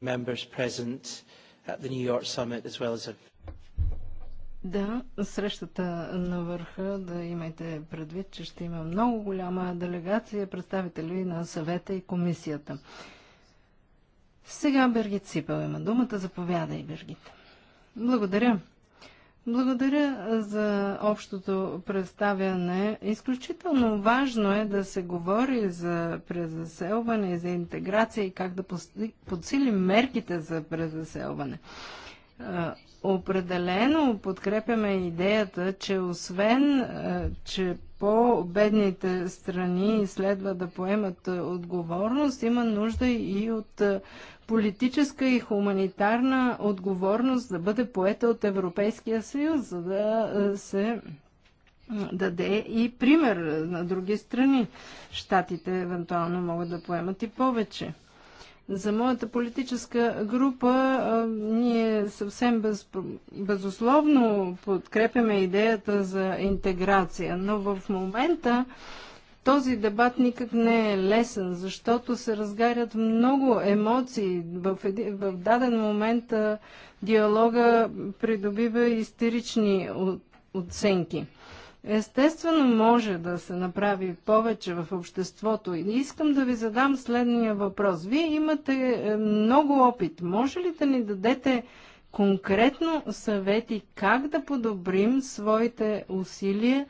members present at the New York summit as well as a да, срещата на върха, да имайте предвид, че ще има много голяма делегация, представители на съвета и комисията. Сега Бергит Сипел има думата. Заповядай, Бергит. Благодаря. Благодаря за общото представяне. Изключително важно е да се говори за презаселване и за интеграция и как да подсилим мерките за презаселване. Определено подкрепяме идеята, че освен, е, че по-бедните страни следва да поемат е, отговорност, има нужда и от е, политическа и хуманитарна отговорност да бъде поета от Европейския съюз, за да се даде и пример на други страни. Штатите евентуално могат да поемат и повече. За моята политическа група а, ние съвсем без, безусловно подкрепяме идеята за интеграция, но в момента този дебат никак не е лесен, защото се разгарят много емоции. В, в даден момент диалога придобива истерични от, оценки. Естествено може да се направи повече в обществото. И искам да ви задам следния въпрос. Вие имате е, много опит. Може ли да ни дадете конкретно съвети как да подобрим своите усилия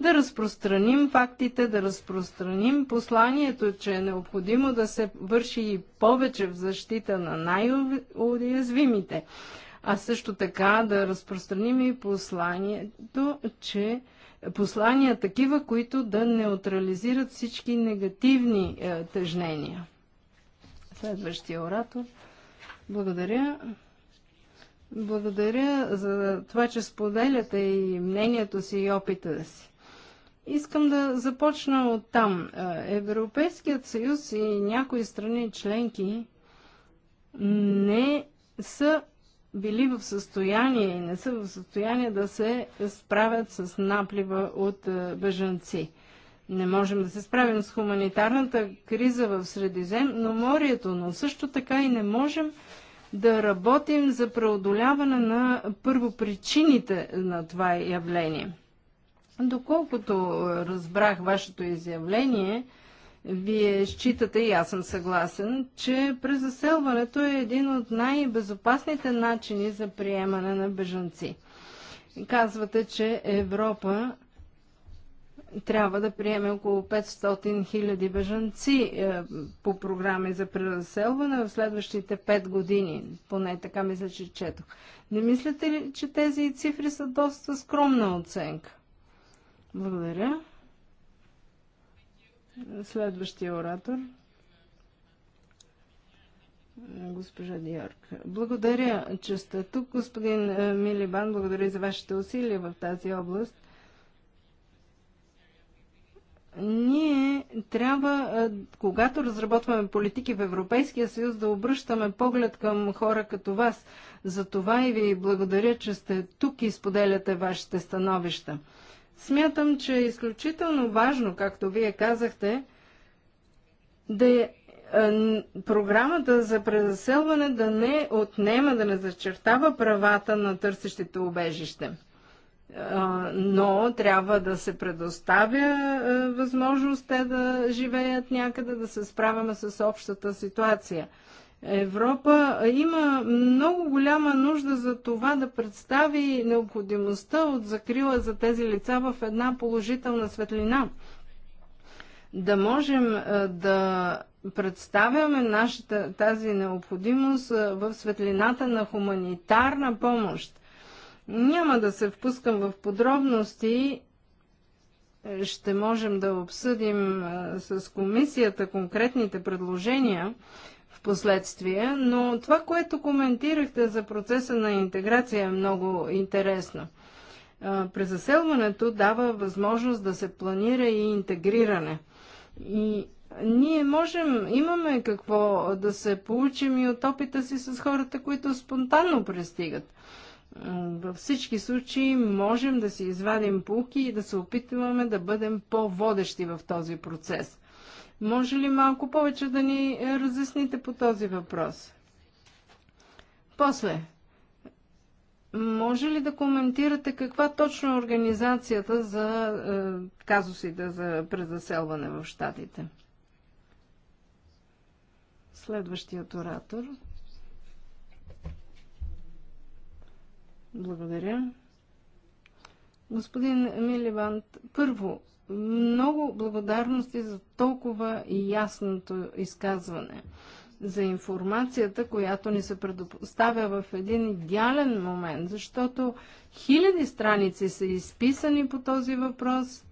да разпространим фактите, да разпространим посланието, че е необходимо да се върши и повече в защита на най-уязвимите, а също така да разпространим и посланието, че послания такива, които да неутрализират всички негативни е, тъжнения. Следващия оратор. Благодаря. Благодаря за това, че споделяте и мнението си и опита си. Искам да започна от там. Е, Европейският съюз и някои страни членки не са били в състояние и не са в състояние да се справят с наплива от е, бежанци. Не можем да се справим с хуманитарната криза в Средиземноморието, но също така и не можем да работим за преодоляване на първопричините на това явление. Доколкото е, разбрах вашето изявление, вие считате, и аз съм съгласен, че презаселването е един от най-безопасните начини за приемане на бежанци. Казвате, че Европа трябва да приеме около 500 хиляди бежанци е, по програми за преразселване в следващите 5 години. Поне така мисля, че четох. Не мислите ли, че тези цифри са доста скромна оценка? Благодаря. Следващия оратор. Госпожа Диорг. Благодаря, че сте тук, господин е, Милибан. Благодаря за вашите усилия в тази област ние трябва, е, когато разработваме политики в Европейския съюз, да обръщаме поглед към хора като вас. За това и ви благодаря, че сте тук и споделяте вашите становища. Смятам, че е изключително важно, както вие казахте, да е, програмата за презаселване да не отнема, да не зачертава правата на търсещите убежище. Но трябва да се предоставя възможност те да живеят някъде, да се справяме с общата ситуация. Европа има много голяма нужда за това да представи необходимостта от закрила за тези лица в една положителна светлина. Да можем е, да представяме нашата, тази необходимост е, в светлината на хуманитарна помощ. Няма да се впускам в подробности, ще можем да обсъдим е, с комисията конкретните предложения, последствия, но това, което коментирахте за процеса на интеграция е много интересно. Презаселването дава възможност да се планира и интегриране. И ние можем, имаме какво да се получим и от опита си с хората, които спонтанно пристигат. Във всички случаи можем да си извадим пулки и да се опитваме да бъдем по-водещи в този процес. Може ли малко повече да ни разясните по този въпрос? После, може ли да коментирате каква точно е организацията за е, казусите за презаселване в Штатите? Следващият оратор. Благодаря. Господин Миливант, първо, много благодарности за толкова ясното изказване, за информацията, която ни се предоставя в един идеален момент, защото хиляди страници са изписани по този въпрос,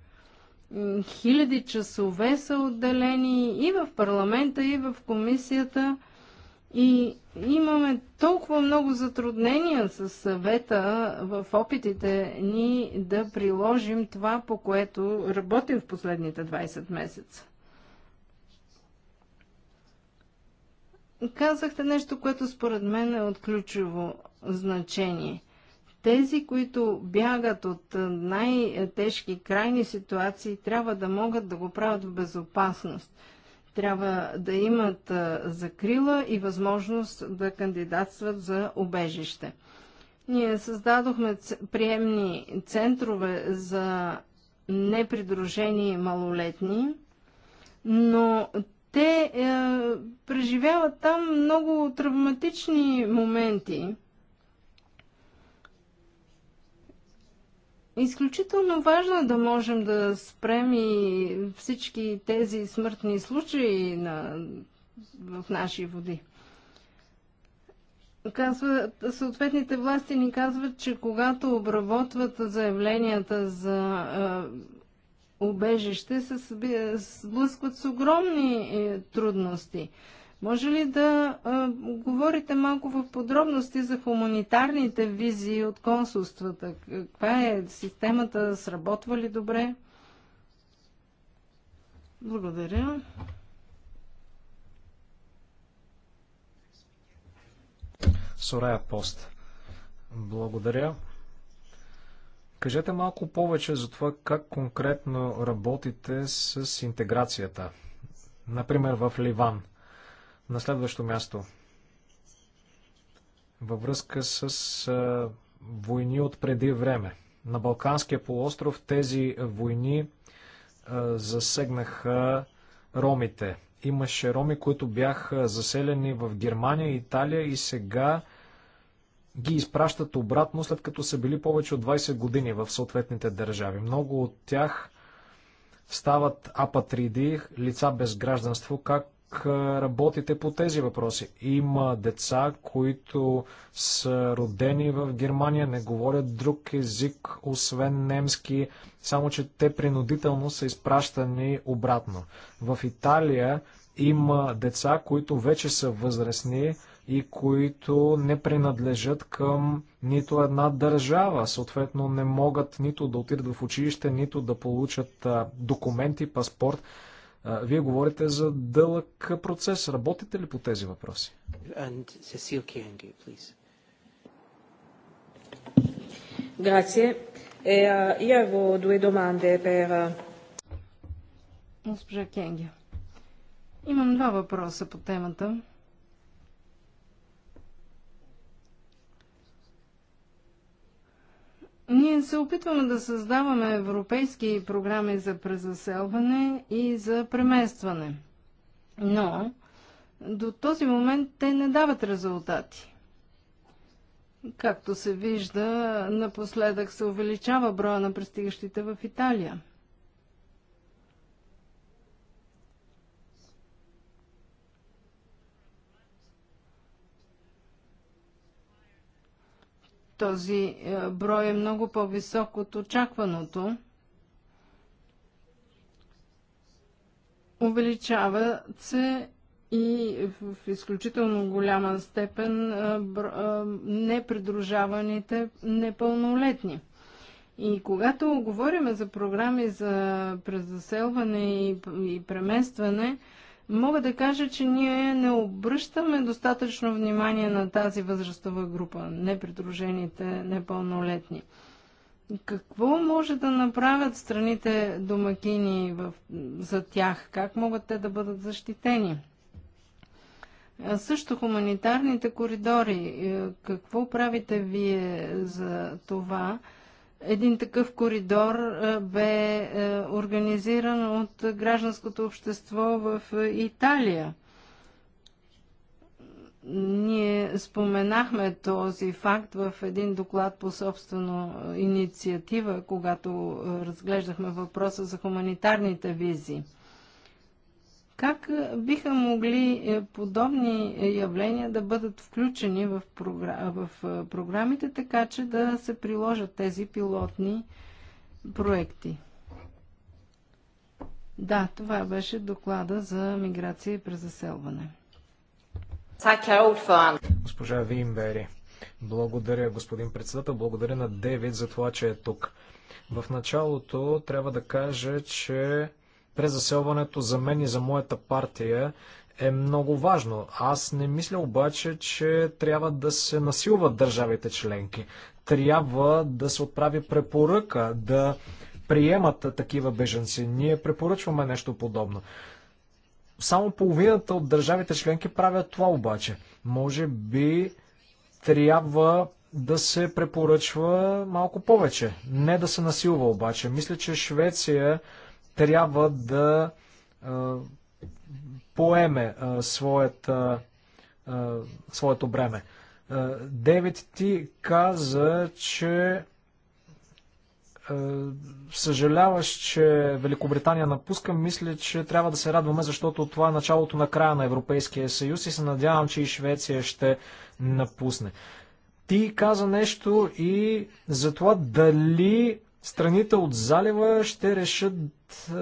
хиляди часове са отделени и в парламента, и в комисията. И имаме толкова много затруднения с съвета в опитите ни да приложим това, по което работим в последните 20 месеца. Казахте нещо, което според мен е от ключово значение. Тези, които бягат от най-тежки крайни ситуации, трябва да могат да го правят в безопасност – трябва да имат закрила и възможност да кандидатстват за обежище. Ние създадохме приемни центрове за непридружени малолетни, но те е, преживяват там много травматични моменти. Изключително важно е да можем да спрем и всички тези смъртни случаи на, в наши води. Казва, съответните власти ни казват, че когато обработват заявленията за е, убежище, се сблъскват с огромни е, трудности. Може ли да а, говорите малко в подробности за хуманитарните визии от консулствата? Каква е системата? Сработва ли добре? Благодаря. Сорая Пост. Благодаря. Кажете малко повече за това как конкретно работите с интеграцията. Например, в Ливан. На следващо място. Във връзка с а, войни от преди време. На Балканския полуостров тези войни а, засегнаха ромите. Имаше роми, които бяха заселени в Германия, Италия и сега ги изпращат обратно, след като са били повече от 20 години в съответните държави. Много от тях стават апатриди, лица без гражданство, как работите по тези въпроси? Има деца, които са родени в Германия, не говорят друг език, освен немски, само че те принудително са изпращани обратно. В Италия има деца, които вече са възрастни и които не принадлежат към нито една държава. Съответно, не могат нито да отидат в училище, нито да получат документи, паспорт. Вие говорите за дълъг процес. Работите ли по тези въпроси? E, eh, eh, Госпожа Кенге, имам два въпроса по темата. Ние се опитваме да създаваме европейски програми за презаселване и за преместване. Но до този момент те не дават резултати. Както се вижда, напоследък се увеличава броя на пристигащите в Италия. Този е, брой е много по-висок от очакваното. Увеличават се и в изключително голяма степен е, е, непридружаваните непълнолетни. И когато говорим за програми за презаселване и преместване, Мога да кажа, че ние не обръщаме достатъчно внимание на тази възрастова група, непридружените, непълнолетни. Какво може да направят страните домакини в, за тях? Как могат те да бъдат защитени? Също хуманитарните коридори. Е, какво правите вие за това? Един такъв коридор е, бе е, организиран от гражданското общество в е, Италия. Ние споменахме този факт в един доклад по собствено инициатива, когато разглеждахме въпроса за хуманитарните визи. Как е, биха могли е, подобни е, явления да бъдат включени в, в програмите, така че да се приложат тези пилотни проекти? Да, това беше доклада за миграция и презаселване. Госпожа Вимбери, благодаря господин председател, благодаря на Девид за това, че е тук. В началото трябва да кажа, че презаселването за мен и за моята партия е много важно. Аз не мисля обаче, че трябва да се насилват държавите членки. Трябва да се отправи препоръка да приемат такива беженци. Ние препоръчваме нещо подобно. Само половината от държавите членки правят това обаче. Може би трябва да се препоръчва малко повече. Не да се насилва обаче. Мисля, че Швеция трябва да поеме своята, своето бреме. Девид ти каза, че съжаляваш, че Великобритания напуска. Мисля, че трябва да се радваме, защото това е началото на края на Европейския съюз и се надявам, че и Швеция ще напусне. Ти каза нещо и за това дали страните от залива ще решат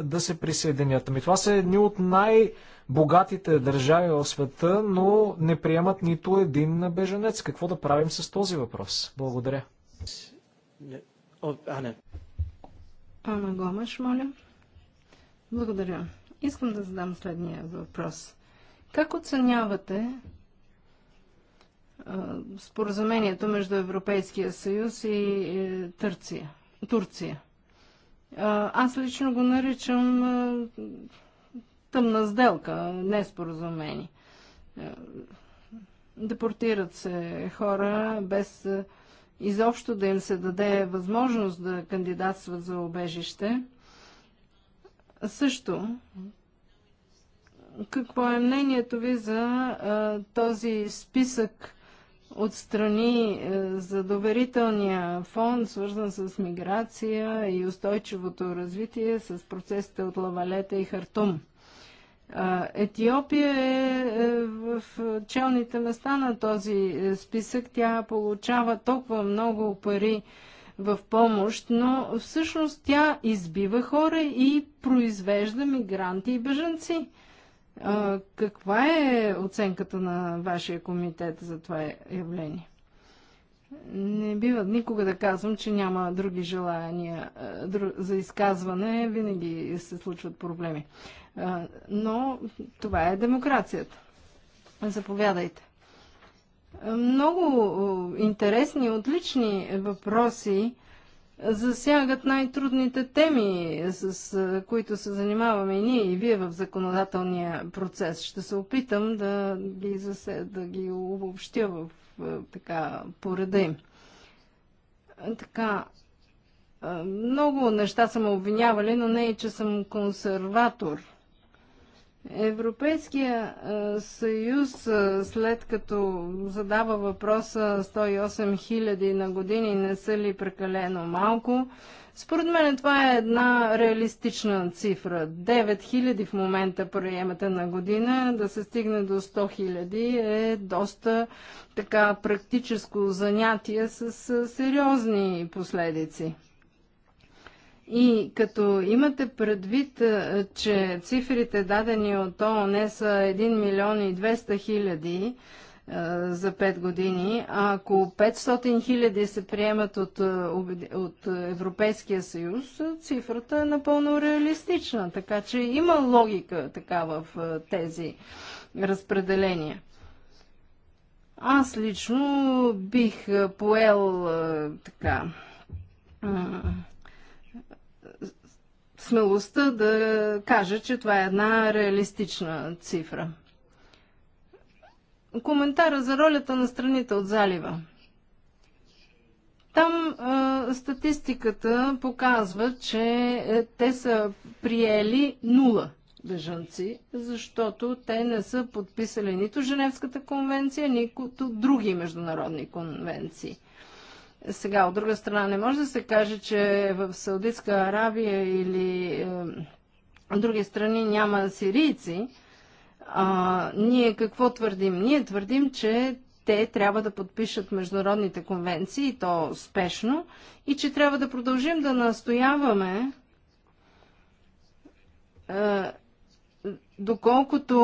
да се присъединят. Ами това са едни от най-богатите държави в света, но не приемат нито един беженец. Какво да правим с този въпрос? Благодаря. Ана. Ана Гомаш, моля. Благодаря. Искам да задам следния въпрос. Как оценявате споразумението между Европейския съюз и Търция? Турция. Аз лично го наричам тъмна сделка, неспоразумение. Депортират се хора без изобщо да им се даде възможност да кандидатстват за обежище. Също, какво е мнението ви за а, този списък отстрани е, за доверителния фонд, свързан с миграция и устойчивото развитие с процесите от Лавалета и Хартум. Е, Етиопия е, е в челните места на този списък. Тя получава толкова много пари в помощ, но всъщност тя избива хора и произвежда мигранти и бежанци. Каква е оценката на вашия комитет за това явление? Не бива никога да казвам, че няма други желания за изказване. Винаги се случват проблеми. Но това е демокрацията. Заповядайте. Много интересни, отлични въпроси засягат най-трудните теми, с които се занимаваме и ние, и вие в законодателния процес. Ще се опитам да ги, засе, да ги обобщя в така пореда им. Така, много неща съм обвинявали, но не и, че съм консерватор – Европейския съюз, след като задава въпроса 108 хиляди на години, не са ли прекалено малко, според мен това е една реалистична цифра. 9 хиляди в момента приемата на година, да се стигне до 100 хиляди е доста така практическо занятие с сериозни последици. И като имате предвид, е, че цифрите дадени от ООН са 1 милион и 200 хиляди е, за 5 години, а ако 500 хиляди се приемат от, е, от Европейския съюз, цифрата е напълно реалистична. Така че има логика така в тези разпределения. Аз лично бих поел така смелостта да кажа, че това е една реалистична цифра. Коментара за ролята на страните от залива. Там а, статистиката показва, че е, те са приели нула бежанци, защото те не са подписали нито Женевската конвенция, нито други международни конвенции. Сега, от друга страна, не може да се каже, че в Саудитска Аравия или е, други страни няма сирийци. А, ние какво твърдим? Ние твърдим, че те трябва да подпишат международните конвенции, и то спешно, и че трябва да продължим да настояваме е, доколкото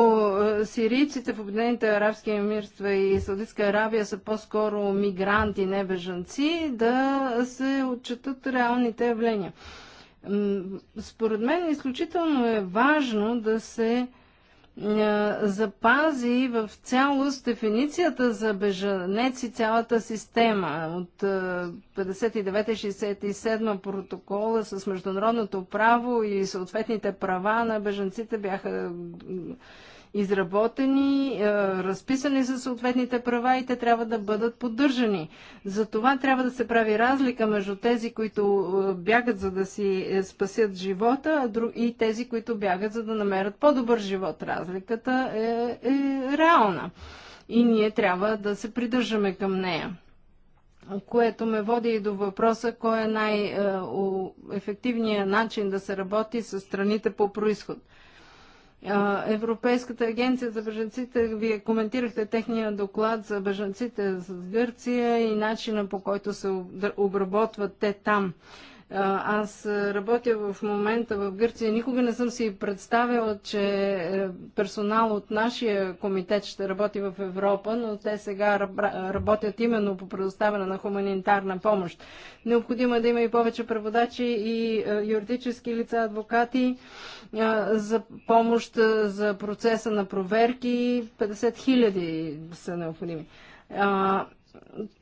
е, сирийците в Обединените арабски емирства и Саудитска Арабия са по-скоро мигранти, не бежанци, да се отчитат реалните явления. Според мен е изключително е важно да се е, запази в цялост дефиницията за бежанец и цялата система от 59-67 е, протокола с международното право и съответните права на бежанците бяха изработени, е, разписани за съответните права и те трябва да бъдат поддържани. За това трябва да се прави разлика между тези, които е, бягат за да си е, спасят живота и тези, които бягат за да намерят по-добър живот. Разликата е, е реална и ние трябва да се придържаме към нея което ме води и до въпроса кой е най-ефективният начин да се работи с страните по происход. Европейската агенция за бежанците, вие коментирахте техния доклад за бежанците с Гърция и начина по който се обработват те там. Аз работя в момента в Гърция. Никога не съм си представила, че е, персонал от нашия комитет ще работи в Европа, но те сега работят именно по предоставяне на хуманитарна помощ. Необходимо е да има и повече преводачи и е, юридически лица, адвокати е, за помощ за процеса на проверки. 50 хиляди са необходими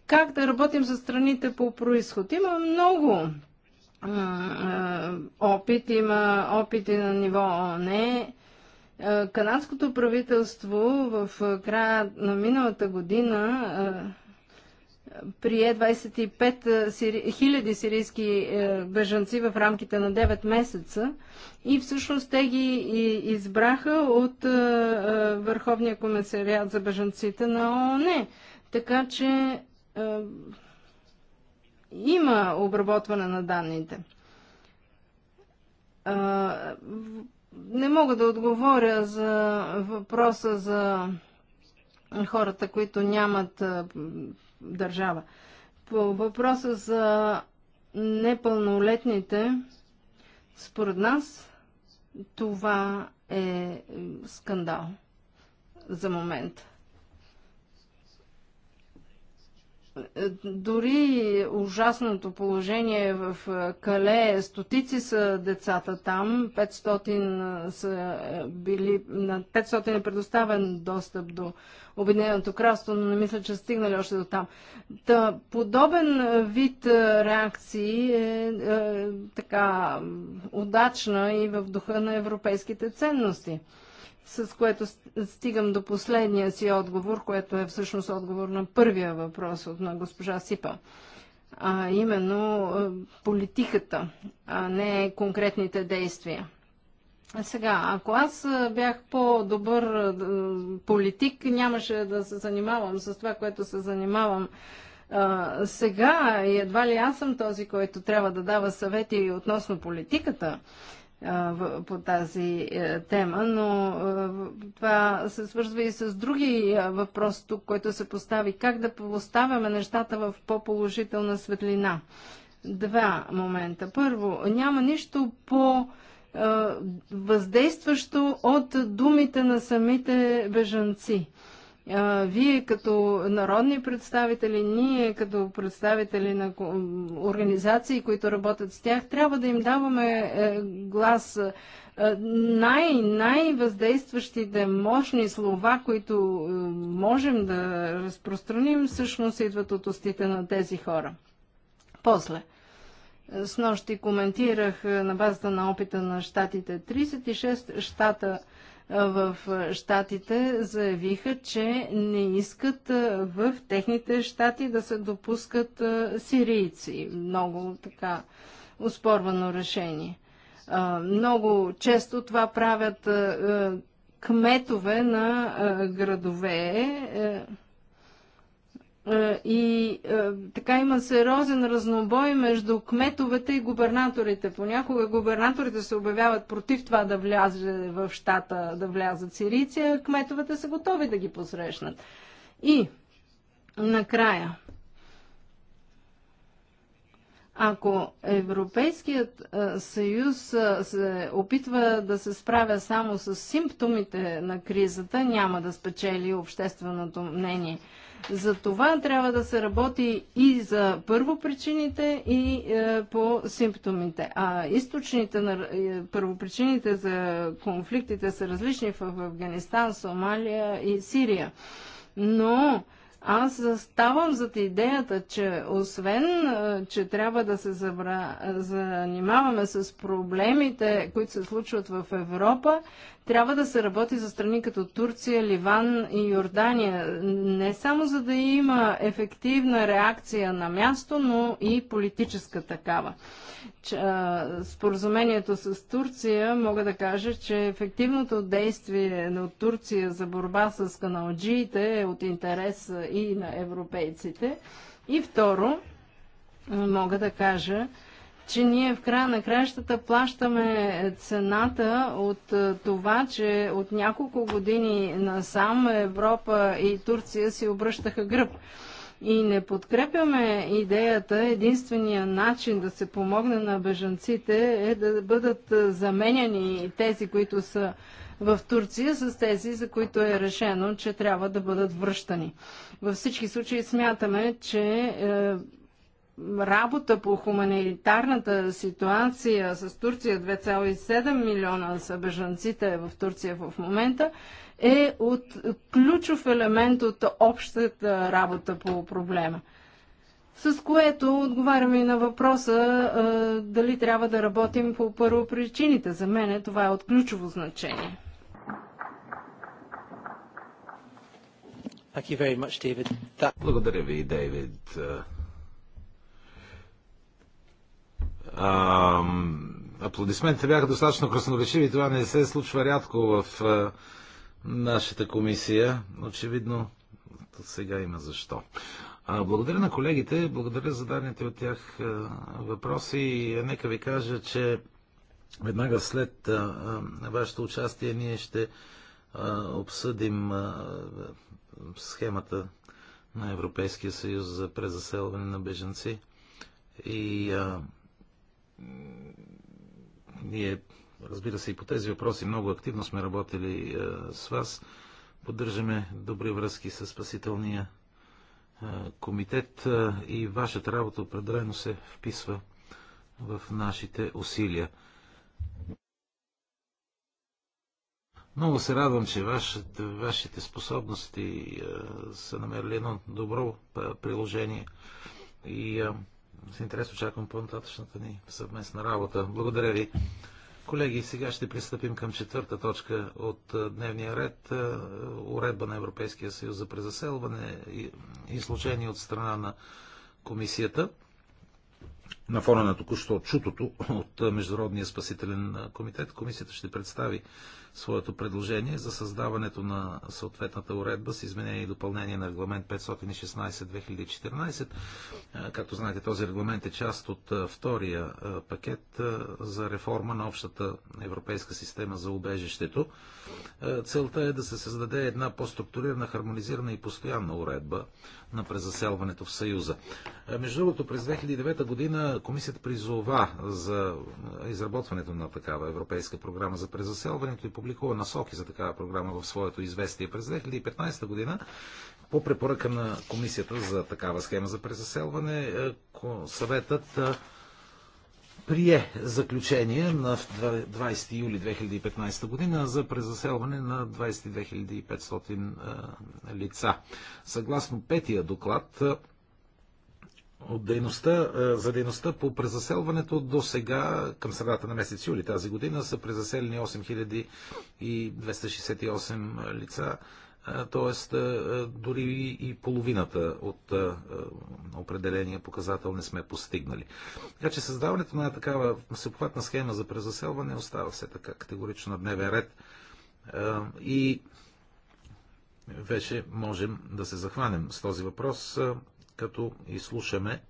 как да работим с страните по происход. Има много опит, има опити на ниво ООН. Канадското правителство в края на миналата година прие 25 000 сирийски бежанци в рамките на 9 месеца и всъщност те ги избраха от Върховния комисариат за бежанците на ООН. Така че има обработване на данните. Не мога да отговоря за въпроса за хората, които нямат държава. По въпроса за непълнолетните, според нас това е скандал за момента. Е, дори ужасното положение в е, Кале, стотици са децата там, 500 е, са били, на 500 е предоставен достъп до Обединеното кралство, но не мисля, че стигнали още до там. Та, подобен вид реакции е, е така удачна и в духа на европейските ценности с което стигам до последния си отговор, което е всъщност отговор на първия въпрос от на госпожа Сипа. А именно политиката, а не конкретните действия. Сега, ако аз бях по-добър политик, нямаше да се занимавам с това, което се занимавам а, сега. И едва ли аз съм този, който трябва да дава съвети относно политиката по тази е, тема, но е, това се свързва и с други е, въпрос тук, който се постави. Как да поставяме нещата в по-положителна светлина? Два момента. Първо, няма нищо по- въздействащо от думите на самите бежанци. Вие като народни представители, ние като представители на организации, които работят с тях, трябва да им даваме е, глас най- най-въздействащите мощни слова, които е, можем да разпространим, всъщност идват от устите на тези хора. После. Е, с нощи коментирах на базата на опита на щатите. 36 щата в щатите заявиха, че не искат в техните щати да се допускат сирийци. Много така успорвано решение. Много често това правят кметове на градове е, е, и е, така има сериозен разнобой между кметовете и губернаторите. Понякога губернаторите се обявяват против това да влязе в щата, да влязат сирийци, а кметовете са готови да ги посрещнат. И накрая, ако Европейският е, съюз се опитва да се справя само с симптомите на кризата, няма да спечели общественото мнение – за това трябва да се работи и за първопричините, и е, по симптомите. А източните на е, първопричините за конфликтите са различни в Афганистан, Сомалия и Сирия. Но аз заставам зад идеята, че освен, е, че трябва да се забра... занимаваме с проблемите, които се случват в Европа, трябва да се работи за страни като Турция, Ливан и Йордания, не само за да има ефективна реакция на място, но и политическа такава. споразумението с Турция мога да кажа, че ефективното действие на Турция за борба с каналджиите е от интерес и на европейците. И второ, мога да кажа, че ние в края на краищата плащаме цената от е, това, че от няколко години насам Европа и Турция си обръщаха гръб. И не подкрепяме идеята, единствения начин да се помогне на бежанците е да бъдат е, заменяни тези, които са в Турция с тези, за които е решено, че трябва да бъдат връщани. Във всички случаи смятаме, че е, работа по хуманитарната ситуация с Турция, 2,7 милиона са бежанците в Турция в момента, е от ключов елемент от общата работа по проблема. С което отговаряме и на въпроса а, дали трябва да работим по първо причините. За мен това е от ключово значение. Much, That... Благодаря ви, Дейвид. Аплодисментите бяха достатъчно красноречиви. Това не се случва рядко в нашата комисия. Очевидно, сега има защо. Благодаря на колегите, благодаря за данните от тях въпроси. Нека ви кажа, че веднага след вашето участие ние ще обсъдим схемата на Европейския съюз за презаселване на беженци и ние, разбира се, и по тези въпроси много активно сме работили е, с вас. Поддържаме добри връзки с спасителния е, комитет е, и вашата работа определено се вписва в нашите усилия. Много се радвам, че вашите, вашите способности са намерили едно добро приложение и с интерес очаквам по-нататъчната ни съвместна работа. Благодаря ви. Колеги, сега ще пристъпим към четвърта точка от дневния ред. Уредба на Европейския съюз за презаселване и изложение от страна на комисията на фона на току-що чутото от Международния спасителен комитет, комисията ще представи своето предложение за създаването на съответната уредба с изменение и допълнение на регламент 516-2014. Както знаете, този регламент е част от втория пакет за реформа на общата европейска система за убежището. Целта е да се създаде една по-структурирана, хармонизирана и постоянна уредба на презаселването в Съюза. Между другото, през 2009 година Комисията призова за изработването на такава европейска програма за презаселването и публикува насоки за такава програма в своето известие през 2015 година. По препоръка на Комисията за такава схема за презаселване, е, съветът е, прие заключение на 20 юли 2015 година за презаселване на 22 500 е, лица. Съгласно петия доклад, от дейността, за дейността по презаселването до сега, към средата на месец юли тази година, са презаселени 8268 лица, т.е. дори и половината от определения показател не сме постигнали. Така че създаването на такава всеобхватна схема за презаселване остава все така категорично на дневен ред и вече можем да се захванем с този въпрос като изслушаме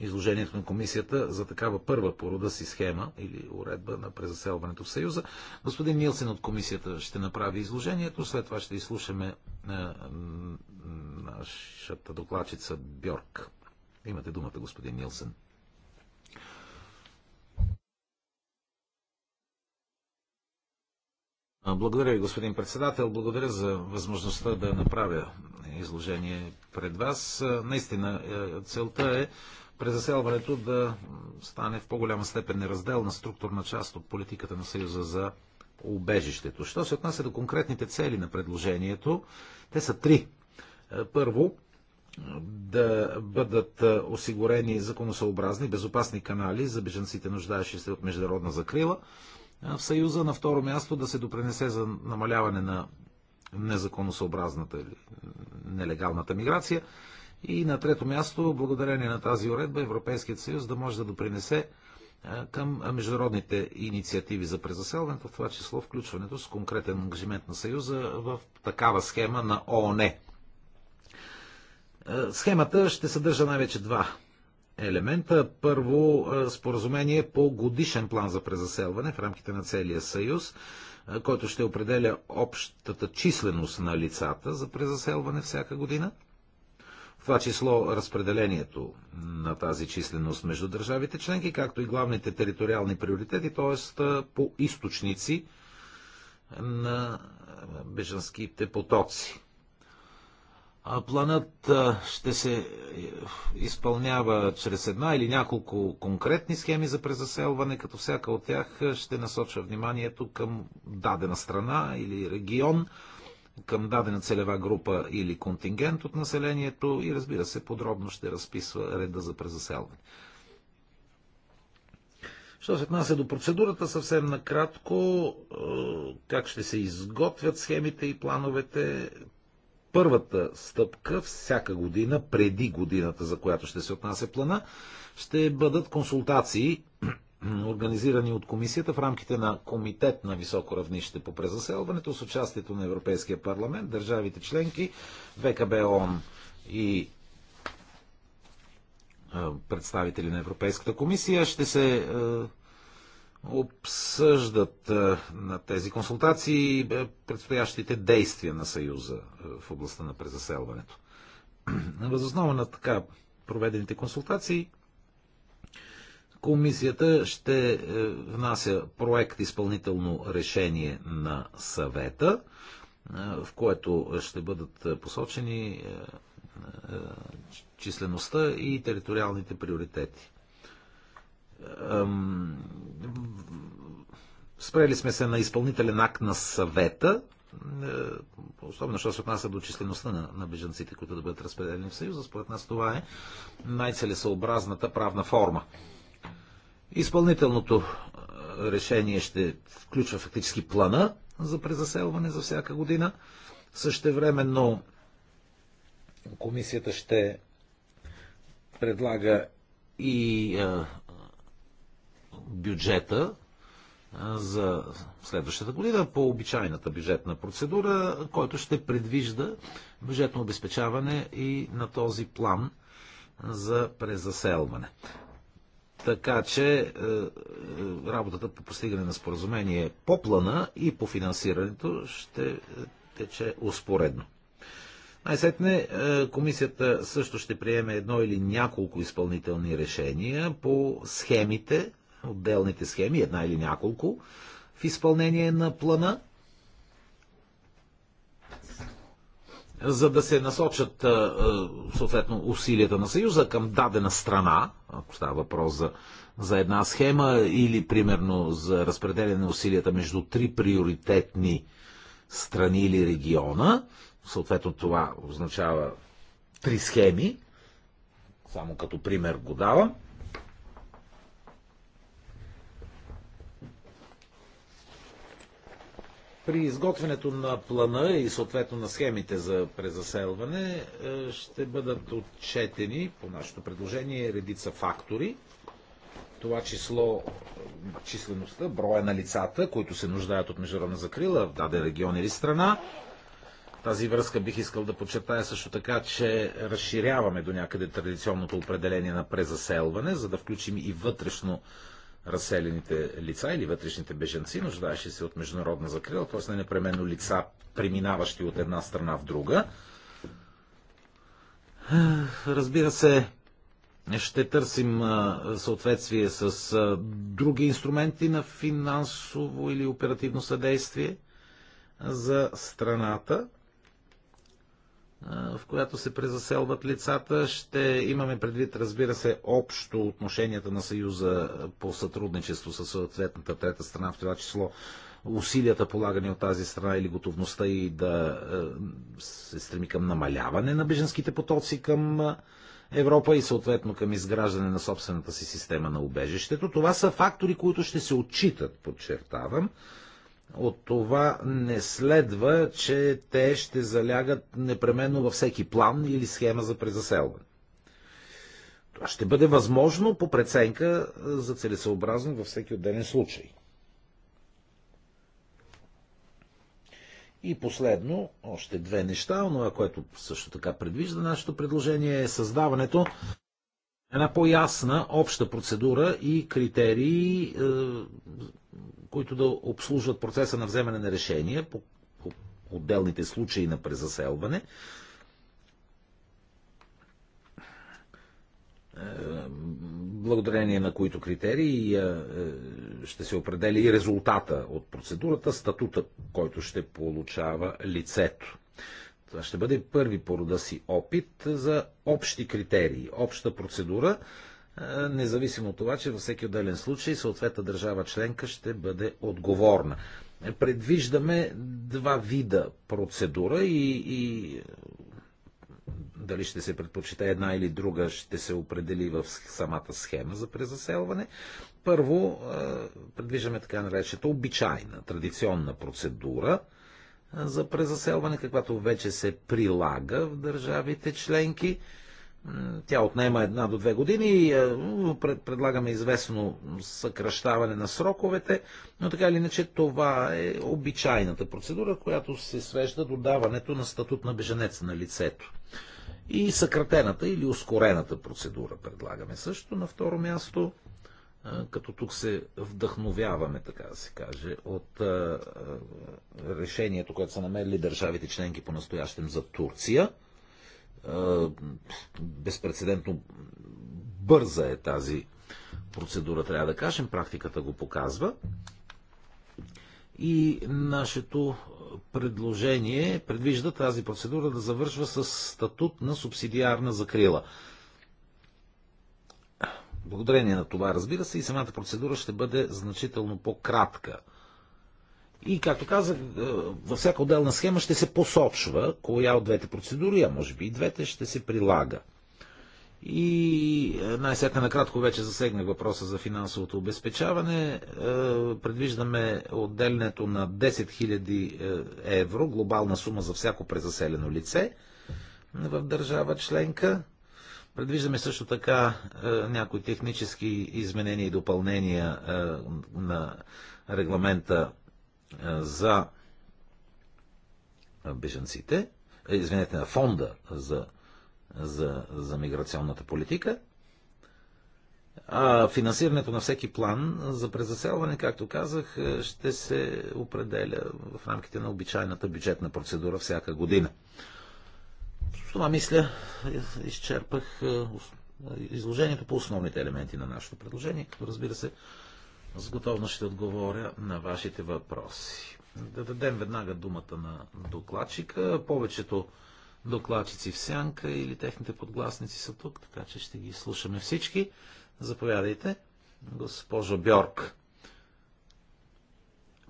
изложението на комисията за такава първа по рода си схема или уредба на презаселването в Съюза. Господин Нилсен от комисията ще направи изложението, след това ще изслушаме е, нашата докладчица Бьорк. Имате думата, господин Нилсен. Благодаря ви, господин председател. Благодаря за възможността да направя изложение пред вас. Наистина, е, целта е презаселването да стане в по-голяма степен неразделна структурна част от политиката на Съюза за убежището. Що се отнася до конкретните цели на предложението, те са три. Е, първо, да бъдат е, осигурени законосъобразни, безопасни канали за беженците, нуждаещи се от международна закрила – в Съюза. На второ място да се допренесе за намаляване на незаконосъобразната или нелегалната миграция. И на трето място, благодарение на тази уредба, Европейският съюз да може да допринесе към международните инициативи за презаселването, в това число включването с конкретен ангажимент на Съюза в такава схема на ООН. Схемата ще съдържа най-вече два елемента. Първо, е, споразумение по годишен план за презаселване в рамките на целия съюз, е, който ще определя общата численост на лицата за презаселване всяка година. В това число разпределението на тази численост между държавите членки, както и главните териториални приоритети, т.е. Е, по източници на бежанските потоци. Планът ще се е, изпълнява чрез една или няколко конкретни схеми за презаселване, като всяка от тях е, ще насочва вниманието към дадена страна или регион, към дадена целева група или контингент от населението и разбира се подробно ще разписва реда за презаселване. Що се отнася до процедурата, съвсем накратко, е, как ще се изготвят схемите и плановете, първата стъпка всяка година, преди годината, за която ще се отнася плана, ще бъдат консултации, организирани от комисията в рамките на комитет на високо равнище по презаселването с участието на Европейския парламент, държавите членки, ВКБ ООН и представители на Европейската комисия. Ще се обсъждат е, на тези консултации е, предстоящите действия на Съюза е, в областта на презаселването. Възоснова на така проведените консултации, комисията ще внася проект изпълнително решение на съвета, в което ще бъдат посочени числеността и териториалните приоритети. Спрели сме се на изпълнителен акт на съвета, е, особено що се отнася до числеността на, на бежанците, които да бъдат разпределени в Съюза. Според нас това е най-целесообразната правна форма. Изпълнителното е, решение ще включва фактически плана за презаселване за всяка година. Същевременно комисията ще предлага и е, бюджета за следващата година по обичайната бюджетна процедура, който ще предвижда бюджетно обезпечаване и на този план за презаселване. Така че е, е, работата по постигане на споразумение по плана и по финансирането ще е, тече успоредно. Най-сетне комисията също ще приеме едно или няколко изпълнителни решения по схемите отделните схеми, една или няколко, в изпълнение на плана, за да се насочат съответно усилията на Съюза към дадена страна, ако става въпрос за, за една схема или примерно за разпределяне на усилията между три приоритетни страни или региона, съответно това означава три схеми, само като пример го давам – При изготвянето на плана и съответно на схемите за презаселване е, ще бъдат отчетени по нашето предложение редица фактори. Това число е, числеността, броя на лицата, които се нуждаят от международна закрила в даден регион или страна. Тази връзка бих искал да подчертая също така, че разширяваме до някъде традиционното определение на презаселване, за да включим и вътрешно разселените лица или вътрешните беженци, нуждаещи се от международна закрила, т.е. не непременно лица, преминаващи от една страна в друга. Разбира се, ще търсим съответствие с други инструменти на финансово или оперативно съдействие за страната в която се презаселват лицата. Ще имаме предвид, разбира се, общо отношенията на Съюза по сътрудничество с съответната трета страна, в това число усилията полагани от тази страна или готовността и да се стреми към намаляване на беженските потоци към Европа и съответно към изграждане на собствената си система на убежището. Това са фактори, които ще се отчитат, подчертавам, от това не следва, че те ще залягат непременно във всеки план или схема за презаселване. Това ще бъде възможно по преценка за целесъобразно във всеки отделен случай. И последно, още две неща, но което също така предвижда нашето предложение е създаването една по-ясна обща процедура и критерии, е, които да обслужват процеса на вземане на решения по, по отделните случаи на презаселване. Е, благодарение на които критерии е, ще се определи и резултата от процедурата, статута, който ще получава лицето. Това ще бъде първи по рода си опит за общи критерии, обща процедура, е, независимо от това, че във всеки отделен случай съответна държава членка ще бъде отговорна. Предвиждаме два вида процедура и, и е, дали ще се предпочита една или друга, ще се определи в самата схема за презаселване. Първо, е, предвиждаме така наречената обичайна, традиционна процедура – за презаселване, каквато вече се прилага в държавите членки. Тя отнема една до две години и предлагаме известно съкръщаване на сроковете, но така или иначе това е обичайната процедура, която се свежда до даването на статут на беженец на лицето. И съкратената или ускорената процедура предлагаме също на второ място – като тук се вдъхновяваме, така да се каже, от решението, което са намерили държавите членки по настоящем за Турция. Безпредседентно бърза е тази процедура, трябва да кажем, практиката го показва. И нашето предложение предвижда тази процедура да завършва с статут на субсидиарна закрила. Благодарение на това, разбира се, и самата процедура ще бъде значително по-кратка. И, както казах, е, във всяка отделна схема ще се посочва коя от двете процедури, а може би и двете, ще се прилага. И е, най-сетне накратко вече засегнах въпроса за финансовото обезпечаване. Е, предвиждаме отделянето на 10 000 евро, глобална сума за всяко презаселено лице в държава членка. Предвиждаме също така е, някои технически изменения и допълнения е, на регламента е, за беженците, извинете, на фонда за, за, за миграционната политика. А финансирането на всеки план за презаселване, както казах, ще се определя в рамките на обичайната бюджетна процедура всяка година. С това мисля, изчерпах е, изложението по основните елементи на нашето предложение, като разбира се, с готовност ще отговоря на вашите въпроси. Да дадем веднага думата на докладчика. Повечето докладчици в сянка или техните подгласници са тук, така че ще ги слушаме всички. Заповядайте, госпожо Бьорк.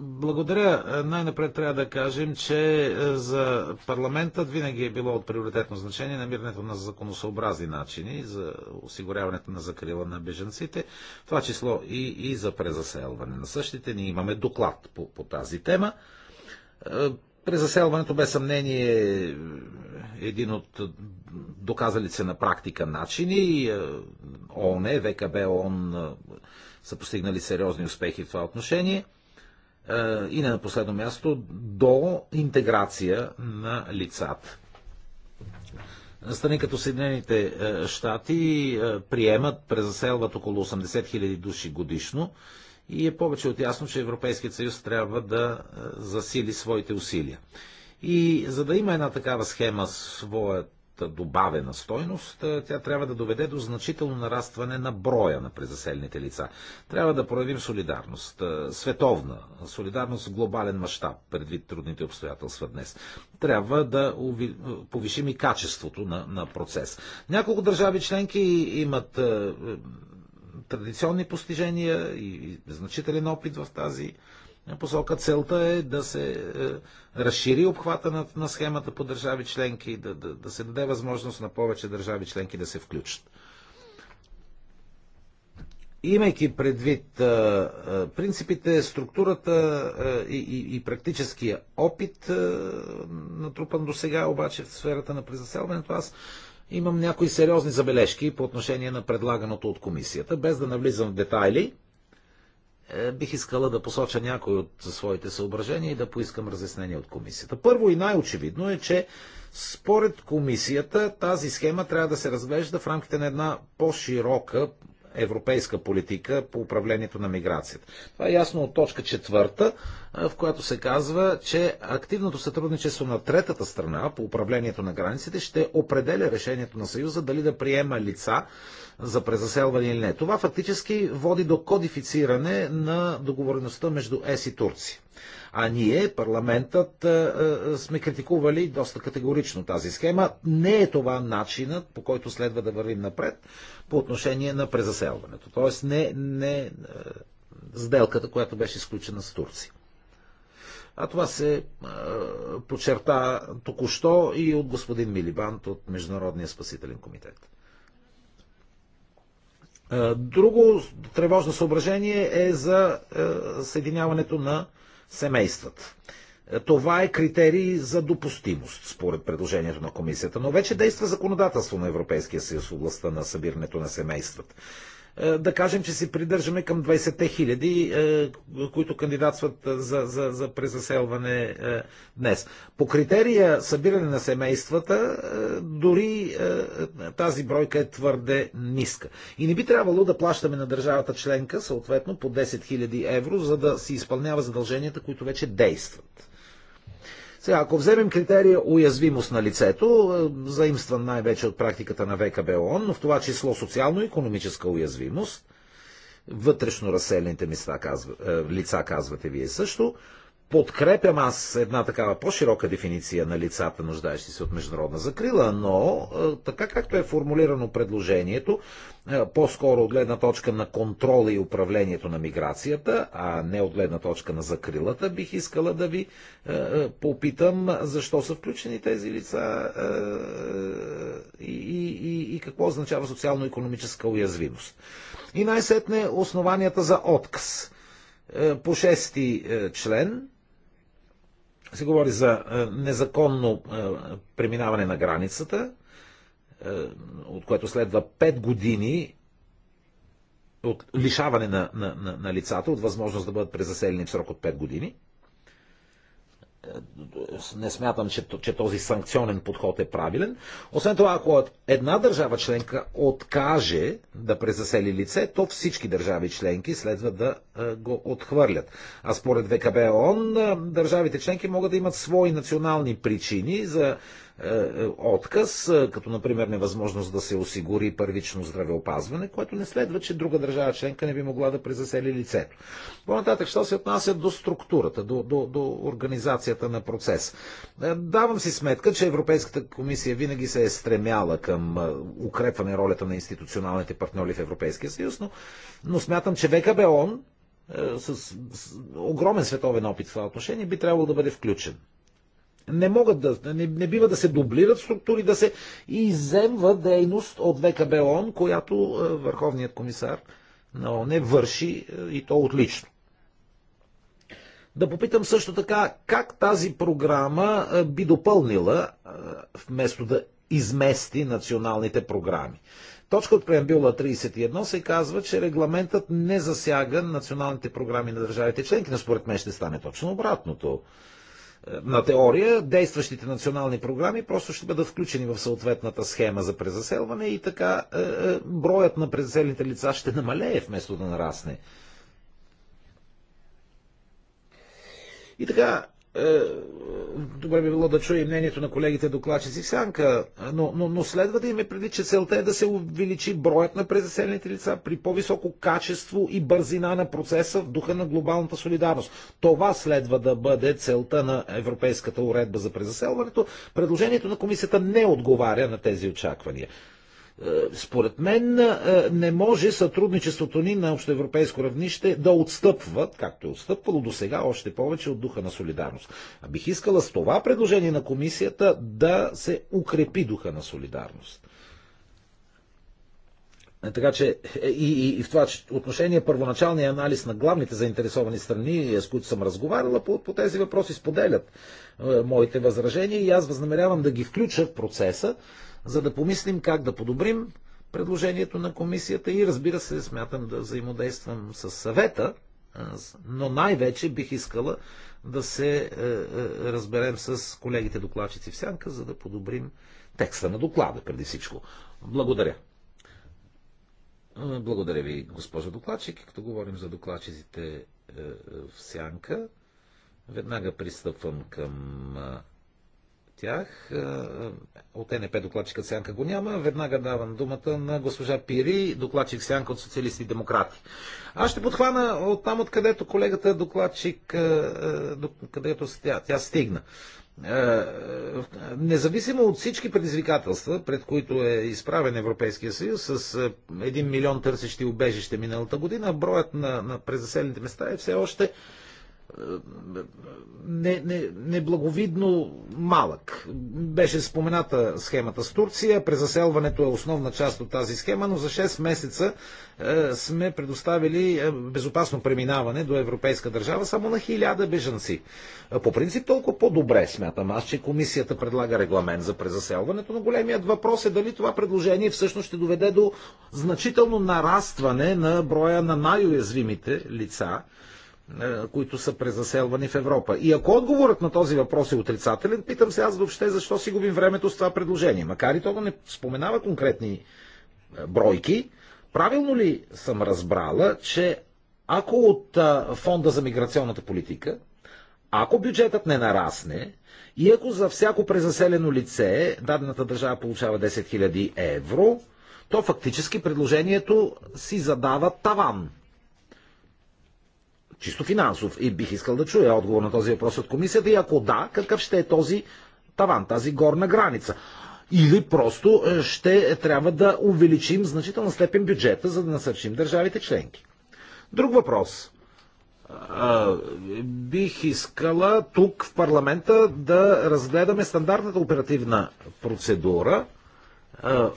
Благодаря. Най-напред трябва да кажем, че е, за парламентът винаги е било от приоритетно значение намирането на законосъобразни начини за осигуряването на закрила на беженците, това число и, и за презаселване на същите. Ние имаме доклад по, по тази тема. Е, презаселването без съмнение е един от доказали се на практика начини. Е, ООН, ВКБ, ООН са постигнали сериозни успехи в това отношение – е, и не на последно място до интеграция на лицата. Страни като Съединените е, щати е, приемат, презаселват около 80 000 души годишно и е повече от ясно, че Европейският съюз трябва да засили своите усилия. И за да има една такава схема своят добавена стойност, тя трябва да доведе до значително нарастване на броя на презаселените лица. Трябва да проявим солидарност, световна солидарност в глобален мащаб, предвид трудните обстоятелства днес. Трябва да повишим и качеството на, на процес. Няколко държави членки имат традиционни постижения и значителен опит в тази е, посока. Целта е да се е, разшири обхвата на, на схемата по държави членки, да, да, да се даде възможност на повече държави членки да се включат. Имайки предвид е, принципите, структурата и, и, и практическия опит, натрупан до сега обаче в сферата на презаселването, аз имам някои сериозни забележки по отношение на предлаганото от комисията. Без да навлизам в детайли, е, бих искала да посоча някои от своите съображения и да поискам разяснение от комисията. Първо и най-очевидно е, че според комисията тази схема трябва да се разглежда в рамките на една по-широка европейска политика по управлението на миграцията. Това е ясно от точка четвърта, е, в която се казва, че активното сътрудничество на третата страна по управлението на границите ще определя решението на Съюза дали да приема лица за презаселване или не. Това фактически води до кодифициране на договореността между ЕС и Турция. А ние, парламентът, е, е, сме критикували доста категорично тази схема. Не е това начинът, по който следва да вървим напред по отношение на презаселването. Тоест не, не е, сделката, която беше изключена с Турция. А това се е, подчерта току-що и от господин Милибант от Международния спасителен комитет. Друго тревожно съображение е за е, съединяването на семействата. Е, това е критерий за допустимост, според предложението на комисията. Но вече действа законодателство на Европейския съюз в областта на събирането на семействата. Е, да кажем, че се придържаме към 20-те хиляди, е, които кандидатстват е, за, за, за презаселване днес. По критерия събиране на семействата, дори тази бройка е твърде ниска. И не би трябвало да плащаме на държавата членка съответно по 10 000 евро, за да си изпълнява задълженията, които вече действат. Сега, ако вземем критерия уязвимост на лицето, е, заимстван най-вече от практиката на ВКБ ООН, но в това число социално-економическа уязвимост, вътрешно разселените места, казва, е, лица, казвате вие също, подкрепям аз една такава по-широка дефиниция на лицата, нуждаещи се от международна закрила, но е, така както е формулирано предложението, е, по-скоро от гледна точка на контрола и управлението на миграцията, а не от гледна точка на закрилата, бих искала да ви е, попитам защо са включени тези лица и, и, и какво означава социално-економическа уязвимост. И най-сетне основанията за отказ. По шести член се говори за е, незаконно е, преминаване на границата, е, от което следва 5 години от лишаване на, на, на, на лицата от възможност да бъдат презаселени в срок от 5 години – не смятам, че, че този санкционен подход е правилен. Освен това, ако една държава членка откаже да презасели лице, то всички държави членки следва да е, го отхвърлят. А според ВКБ ООН, е, държавите членки могат да имат свои национални причини за е, е, отказ, е, като например невъзможност да се осигури първично здравеопазване, което не следва, че друга държава членка не би могла да презасели лицето. По-нататък, що се отнася до структурата, до, до, до организацията на процес. Давам си сметка, че Европейската комисия винаги се е стремяла към укрепване ролята на институционалните партньори в Европейския съюз, но, но смятам, че ВКБ ООН с, с огромен световен опит в това отношение би трябвало да бъде включен не могат да, не, не бива да се дублират структури, да се иземва дейност от ВКБ ООН, която е, Върховният комисар на ООН е, върши е, и то отлично. Да попитам също така, как тази програма би допълнила, вместо да измести националните програми. Точка от преамбюла 31 се казва, че регламентът не засяга националните програми на държавите членки, но според мен ще стане точно обратното на теория действащите национални програми просто ще бъдат включени в съответната схема за презаселване и така е, е, броят на презаселените лица ще намалее вместо да нарасне. И така, е, добре би било да чуя и мнението на колегите докладчици в Сянка, но, но, но следва да има преди, че целта е да се увеличи броят на презаселените лица при по-високо качество и бързина на процеса в духа на глобалната солидарност. Това следва да бъде целта на европейската уредба за презаселването. Предложението на комисията не отговаря на тези очаквания. Е, според мен е, не може сътрудничеството ни на общоевропейско равнище да отстъпва, както е отстъпвало до сега, още повече от духа на солидарност. А бих искала с това предложение на комисията да се укрепи духа на солидарност. Е, така че и, и, и в това отношение първоначалния анализ на главните заинтересовани страни, с които съм разговаряла по, по тези въпроси, споделят е, моите възражения и аз възнамерявам да ги включа в процеса, за да помислим как да подобрим предложението на комисията и разбира се, смятам да взаимодействам с съвета, но най-вече бих искала да се е, е, разберем с колегите докладчици в сянка, за да подобрим текста на доклада преди всичко. Благодаря. Благодаря ви, госпожо докладчик. Като говорим за докладчиците е, в сянка, веднага пристъпвам към тях. Е, е, от НП докладчика Сянка го няма. Веднага давам думата на госпожа Пири, докладчик Сянка от Социалисти и Демократи. Аз ще подхвана от там, откъдето колегата докладчик, е, където тя, тя стигна. Независимо от всички предизвикателства, пред които е изправен Европейския съюз, с 1 милион търсещи убежище миналата година, броят на, на презаселените места е все още не, не, неблаговидно малък. Беше спомената схемата с Турция, презаселването е основна част от тази схема, но за 6 месеца е, сме предоставили е, безопасно преминаване до европейска държава само на хиляда бежанци. Е, по принцип толкова по-добре смятам аз, че комисията предлага регламент за презаселването, но големият въпрос е дали това предложение всъщност ще доведе до значително нарастване на броя на най-уязвимите лица, е, които са презаселвани в Европа. И ако отговорът на този въпрос е отрицателен, питам се аз въобще защо си губим времето с това предложение. Макар и то да не споменава конкретни е, бройки, правилно ли съм разбрала, че ако от е, фонда за миграционната политика, ако бюджетът не нарасне и ако за всяко презаселено лице дадената държава получава 10 000 евро, то фактически предложението си задава таван чисто финансов. И бих искал да чуя отговор на този въпрос от комисията и ако да, какъв ще е този таван, тази горна граница. Или просто е, ще трябва да увеличим значителна степен бюджета, за да насърчим държавите членки. Друг въпрос. А, бих искала тук в парламента да разгледаме стандартната оперативна процедура, а,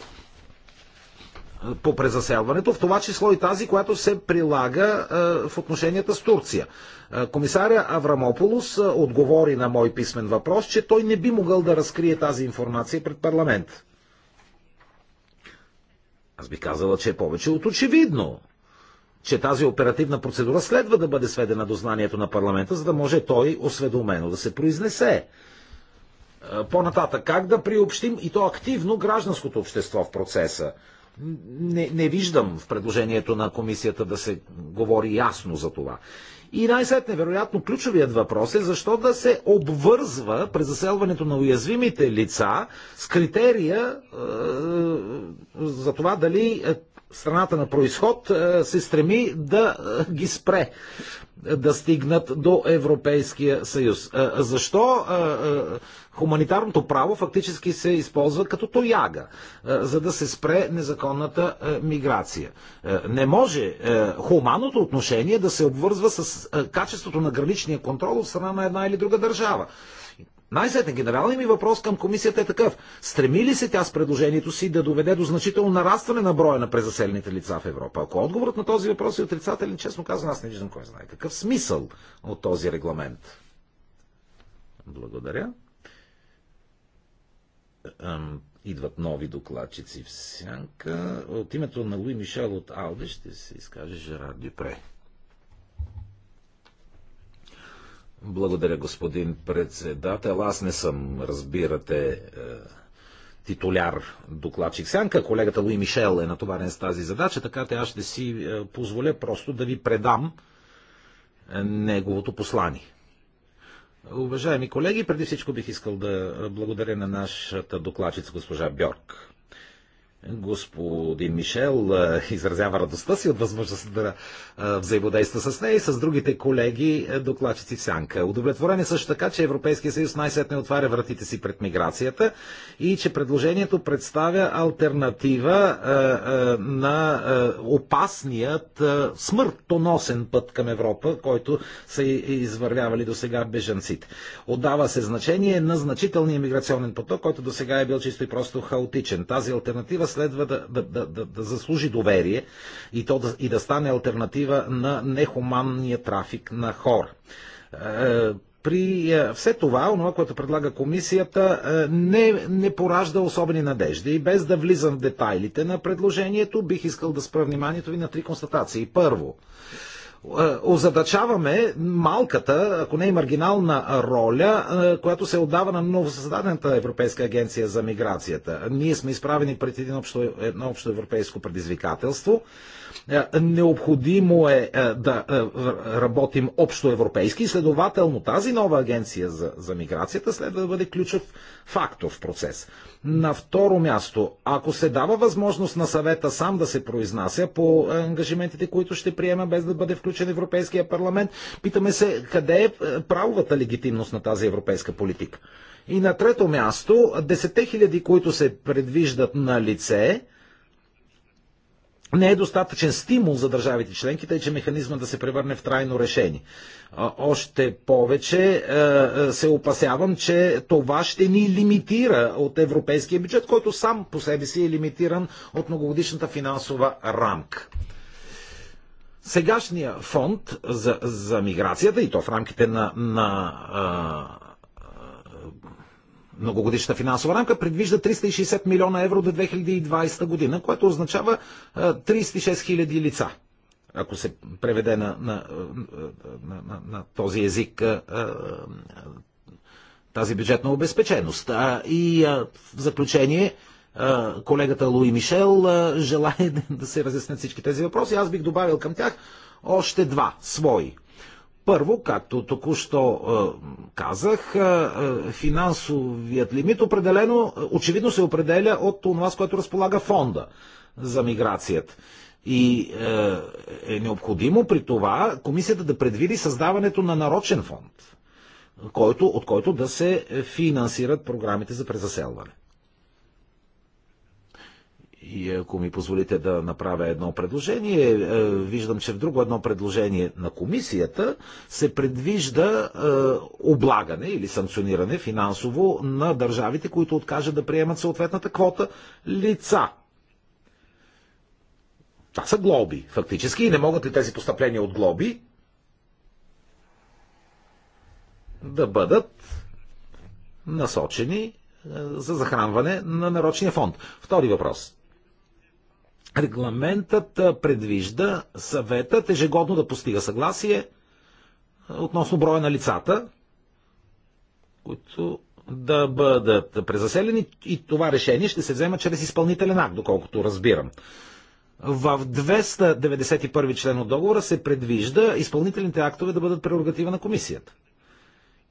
по презаселването, в това число и тази, която се прилага е, в отношенията с Турция. Е, комисаря Аврамополос е, отговори на мой писмен въпрос, че той не би могъл да разкрие тази информация пред парламент. Аз би казала, че е повече от очевидно, че тази оперативна процедура следва да бъде сведена до знанието на парламента, за да може той осведомено да се произнесе. По-нататък, как да приобщим и то активно гражданското общество в процеса? Не, не виждам в предложението на комисията да се говори ясно за това. И най-сетне, вероятно, ключовият въпрос е защо да се обвързва през заселването на уязвимите лица с критерия е, за това дали е, страната на происход е, се стреми да е, ги спре да стигнат до Европейския съюз. Защо хуманитарното право фактически се използва като тояга, е, за да се спре незаконната е, миграция. Е, не може хуманното отношение да се обвързва с качеството на граничния контрол от страна на една или друга държава. Най-сетне генералният ми въпрос към комисията е такъв. Стреми ли се тя с предложението си да доведе до значително нарастване на броя на презаселените лица в Европа? Ако отговорът на този въпрос е отрицателен, честно казвам, аз не виждам кой знае какъв смисъл от този регламент. Благодаря идват нови докладчици в сянка. От името на Луи Мишел от Алде ще се изкаже Жерар Дюпре. Благодаря, господин председател. Аз не съм, разбирате, е, титуляр докладчик сянка. Колегата Луи Мишел е натоварен с тази задача, така те аз ще си е, позволя просто да ви предам е, неговото послание. Уважаеми колеги, преди всичко бих искал да благодаря на нашата докладчица госпожа Бьорк господин Мишел изразява радостта си от възможността да взаимодейства с нея и с другите колеги докладчици в Сянка. Удовлетворен е също така, че Европейския съюз най-сетне отваря вратите си пред миграцията и че предложението представя альтернатива на опасният смъртоносен път към Европа, който са извървявали до сега бежанците. Отдава се значение на значителния миграционен поток, който до сега е бил чисто и просто хаотичен. Тази альтернатива следва да, да, да, да, да заслужи доверие и, то да, и да стане альтернатива на нехуманния трафик на хора. Е, при е, все това, онова, което предлага комисията, е, не, не поражда особени надежди. И без да влизам в детайлите на предложението, бих искал да спра вниманието ви на три констатации. Първо, е, озадачаваме малката, ако не и маргинална роля, е, която се отдава на новосъздадената Европейска агенция за миграцията. Ние сме изправени пред един общо, едно общо европейско предизвикателство. Е, необходимо е да работим общо европейски, следователно тази нова агенция за, за миграцията следва да бъде ключов фактор в процес. На второ място, ако се дава възможност на съвета сам да се произнася по ангажиментите, които ще приема без да бъде включен Европейския парламент, питаме се къде е, е правовата легитимност на тази европейска политика. И на трето място, 10 000, които се предвиждат на лице, не е достатъчен стимул за държавите членки, тъй че механизма да се превърне в трайно решение. Още повече е, е, се опасявам, че това ще ни лимитира от европейския бюджет, който сам по себе си е лимитиран от многогодишната финансова рамка. Сегашният фонд за, за миграцията, и то в рамките на, на е, многогодишната финансова рамка предвижда 360 милиона евро до 2020 година, което означава 36 хиляди лица, ако се преведе на, на, на, на, на този език тази бюджетна обезпеченост. И в заключение, колегата Луи Мишел желая да се разяснят всички тези въпроси. Аз бих добавил към тях още два свои – първо, както току-що е, казах, е, е финансовият лимит определено, е, очевидно се определя от това, с което разполага фонда за миграцията. И е, е необходимо при това комисията да предвиди създаването на нарочен фонд, който, от който да се финансират програмите за презаселване. И ако ми позволите да направя едно предложение, е, виждам, че в друго едно предложение на комисията се предвижда е, облагане или санкциониране финансово на държавите, които откажат да приемат съответната квота лица. Това са глоби, фактически. И не могат ли тези постъпления от глоби да бъдат насочени е, за захранване на нарочния фонд? Втори въпрос регламентът предвижда съветът ежегодно да постига съгласие относно броя на лицата, които да бъдат презаселени и това решение ще се взема чрез изпълнителен акт, доколкото разбирам. В 291 член от договора се предвижда изпълнителните актове да бъдат прерогатива на комисията.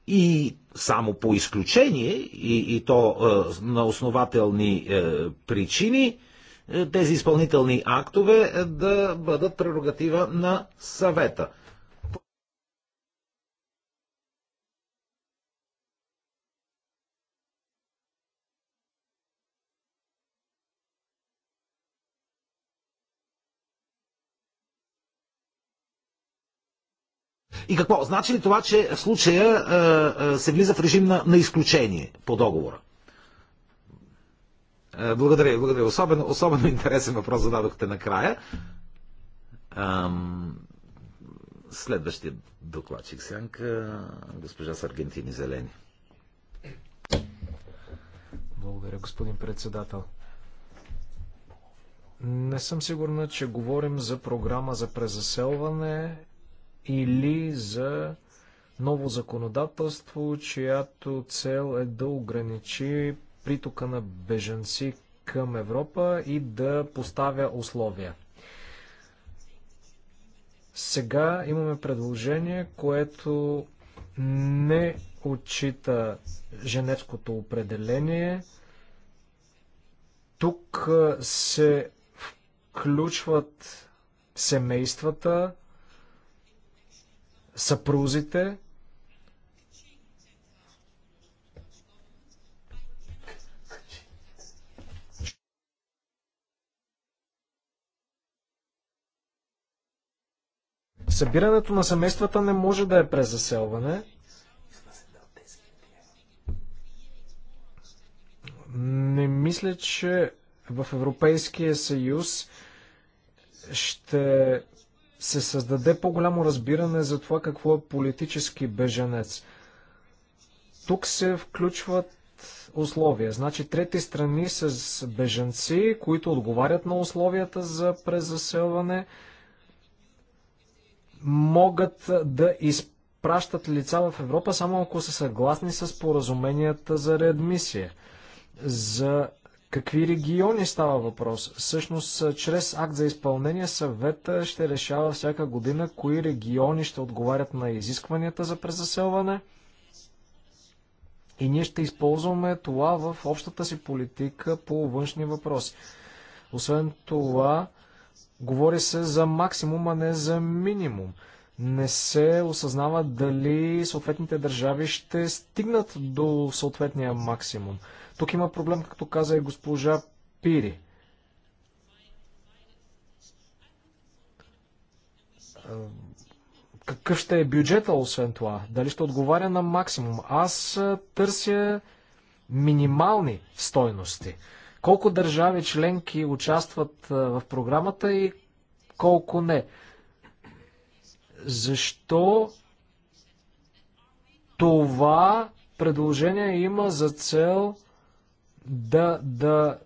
И само по изключение, и, и то е, на основателни е, причини, тези изпълнителни актове да бъдат прерогатива на съвета. И какво? Значи ли това, че в случая се влиза в режим на, на изключение по договора? Е, благодаря, благодаря. Особено, особено интересен въпрос зададохте накрая. Ам... Следващия докладчик сянка, госпожа Саргентини Зелени. Благодаря, господин председател. Не съм сигурна, че говорим за програма за презаселване или за ново законодателство, чиято цел е да ограничи притока на беженци към Европа и да поставя условия. Сега имаме предложение, което не отчита женевското определение. Тук се включват семействата, съпрузите, Събирането на семействата не може да е през заселване. Не мисля, че в Европейския съюз ще се създаде по-голямо разбиране за това какво е политически беженец. Тук се включват условия. Значи трети страни с беженци, които отговарят на условията за презаселване, могат да изпращат лица в Европа само ако са съгласни с поразуменията за реадмисия. За какви региони става въпрос? Всъщност, чрез акт за изпълнение съвета ще решава всяка година кои региони ще отговарят на изискванията за презаселване. И ние ще използваме това в общата си политика по външни въпроси. Освен това, Говори се за максимум, а не за минимум. Не се осъзнава дали съответните държави ще стигнат до съответния максимум. Тук има проблем, както каза и госпожа Пири. Какъв ще е бюджета, освен това? Дали ще отговаря на максимум? Аз търся минимални стойности. Колко държави членки участват в програмата и колко не? Защо това предложение има за цел да, да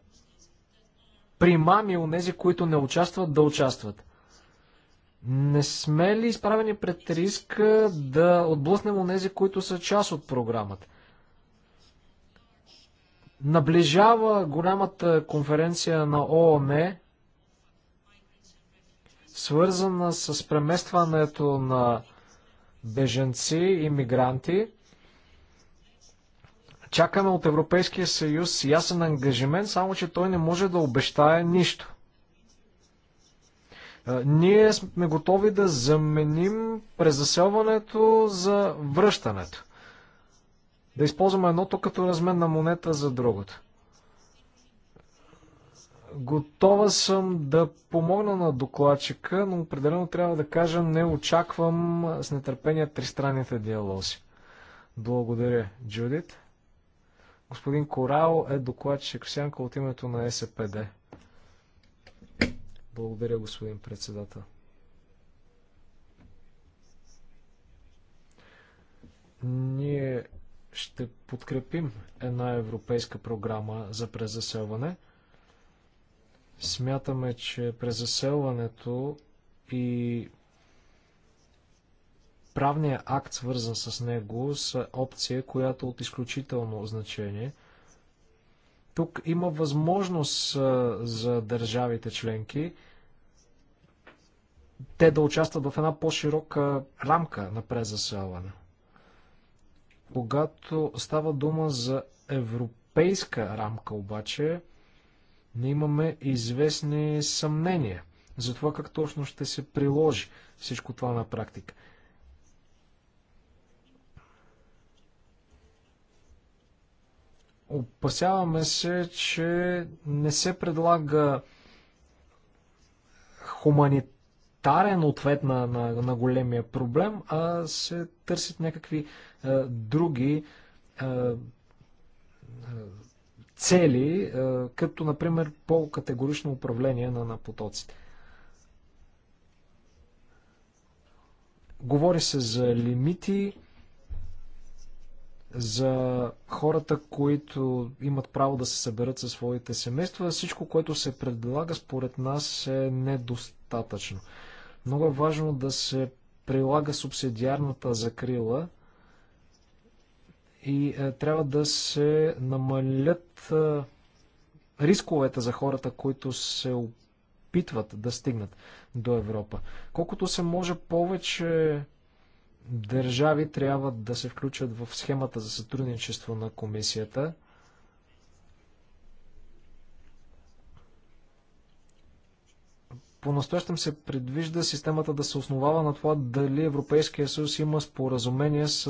примами нези, които не участват, да участват? Не сме ли изправени пред риска да отблъснем нези, които са част от програмата? Наближава голямата конференция на ООН, свързана с преместването на беженци и мигранти. Чакаме от Европейския съюз ясен ангажимент, само че той не може да обещае нищо. Ние сме готови да заменим презаселването за връщането да използваме едното като разменна монета за другото. Готова съм да помогна на докладчика, но определено трябва да кажа, не очаквам с нетърпение тристранните диалози. Благодаря, Джудит. Господин Корао, е докладчик в сянка от името на СПД. Благодаря, господин председател. Ние ще подкрепим една европейска програма за презаселване. Смятаме, че презаселването и правният акт, свързан с него, са опция, която е от изключително значение. Тук има възможност за държавите членки те да участват в една по-широка рамка на презаселване. Когато става дума за европейска рамка обаче, не имаме известни съмнения за това как точно ще се приложи всичко това на практика. Опасяваме се, че не се предлага хуманит елементарен ответ на, на, на големия проблем, а се търсят някакви а, други а, цели, а, като например по-категорично управление на, на потоците. Говори се за лимити, за хората, които имат право да се съберат със своите семейства. Всичко, което се предлага, според нас е недостатъчно. Много е важно да се прилага субсидиарната закрила и е, трябва да се намалят е, рисковете за хората, които се опитват да стигнат до Европа. Колкото се може повече държави трябва да се включат в схемата за сътрудничество на комисията – По-настоящем се предвижда системата да се основава на това дали Европейския съюз има споразумение с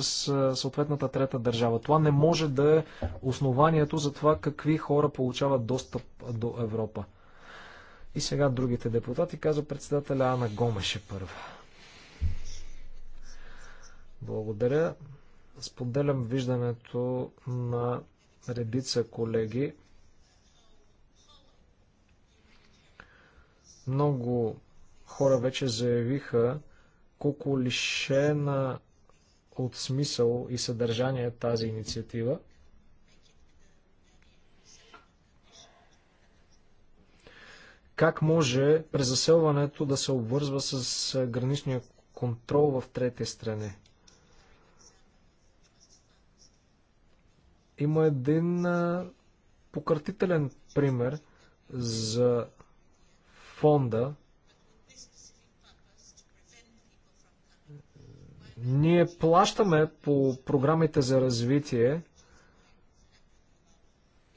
съответната трета държава. Това не може да е основанието за това какви хора получават достъп до Европа. И сега другите депутати, казва председателя Ана Гомеше първа. Благодаря. Споделям виждането на редица колеги. Много хора вече заявиха колко лишена от смисъл и съдържание е тази инициатива. Как може презаселването да се обвързва с граничния контрол в трети страни? Има един пократителен пример за фонда, ние плащаме по програмите за развитие,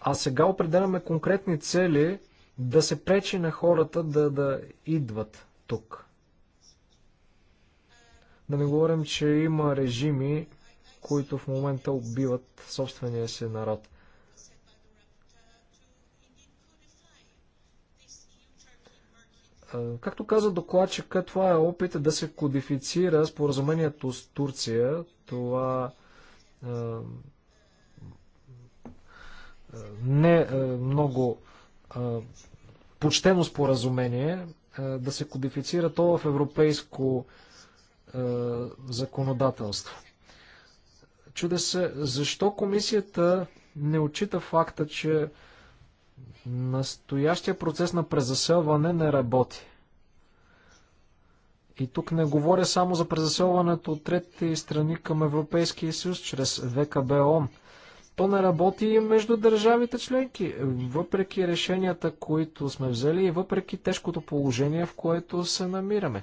а сега определяме конкретни цели да се пречи на хората да, да идват тук. Да не говорим, че има режими, които в момента убиват собствения си народ. Както каза докладчика, това е опит да се кодифицира споразумението с Турция. Това е, не е много е, почтено споразумение е, да се кодифицира то в европейско е, законодателство. Чуде се, защо комисията не отчита факта, че Настоящия процес на презаселване не работи. И тук не говоря само за презаселването от трети страни към Европейския съюз чрез ООН. То не работи и между държавите членки, въпреки решенията, които сме взели и въпреки тежкото положение, в което се намираме.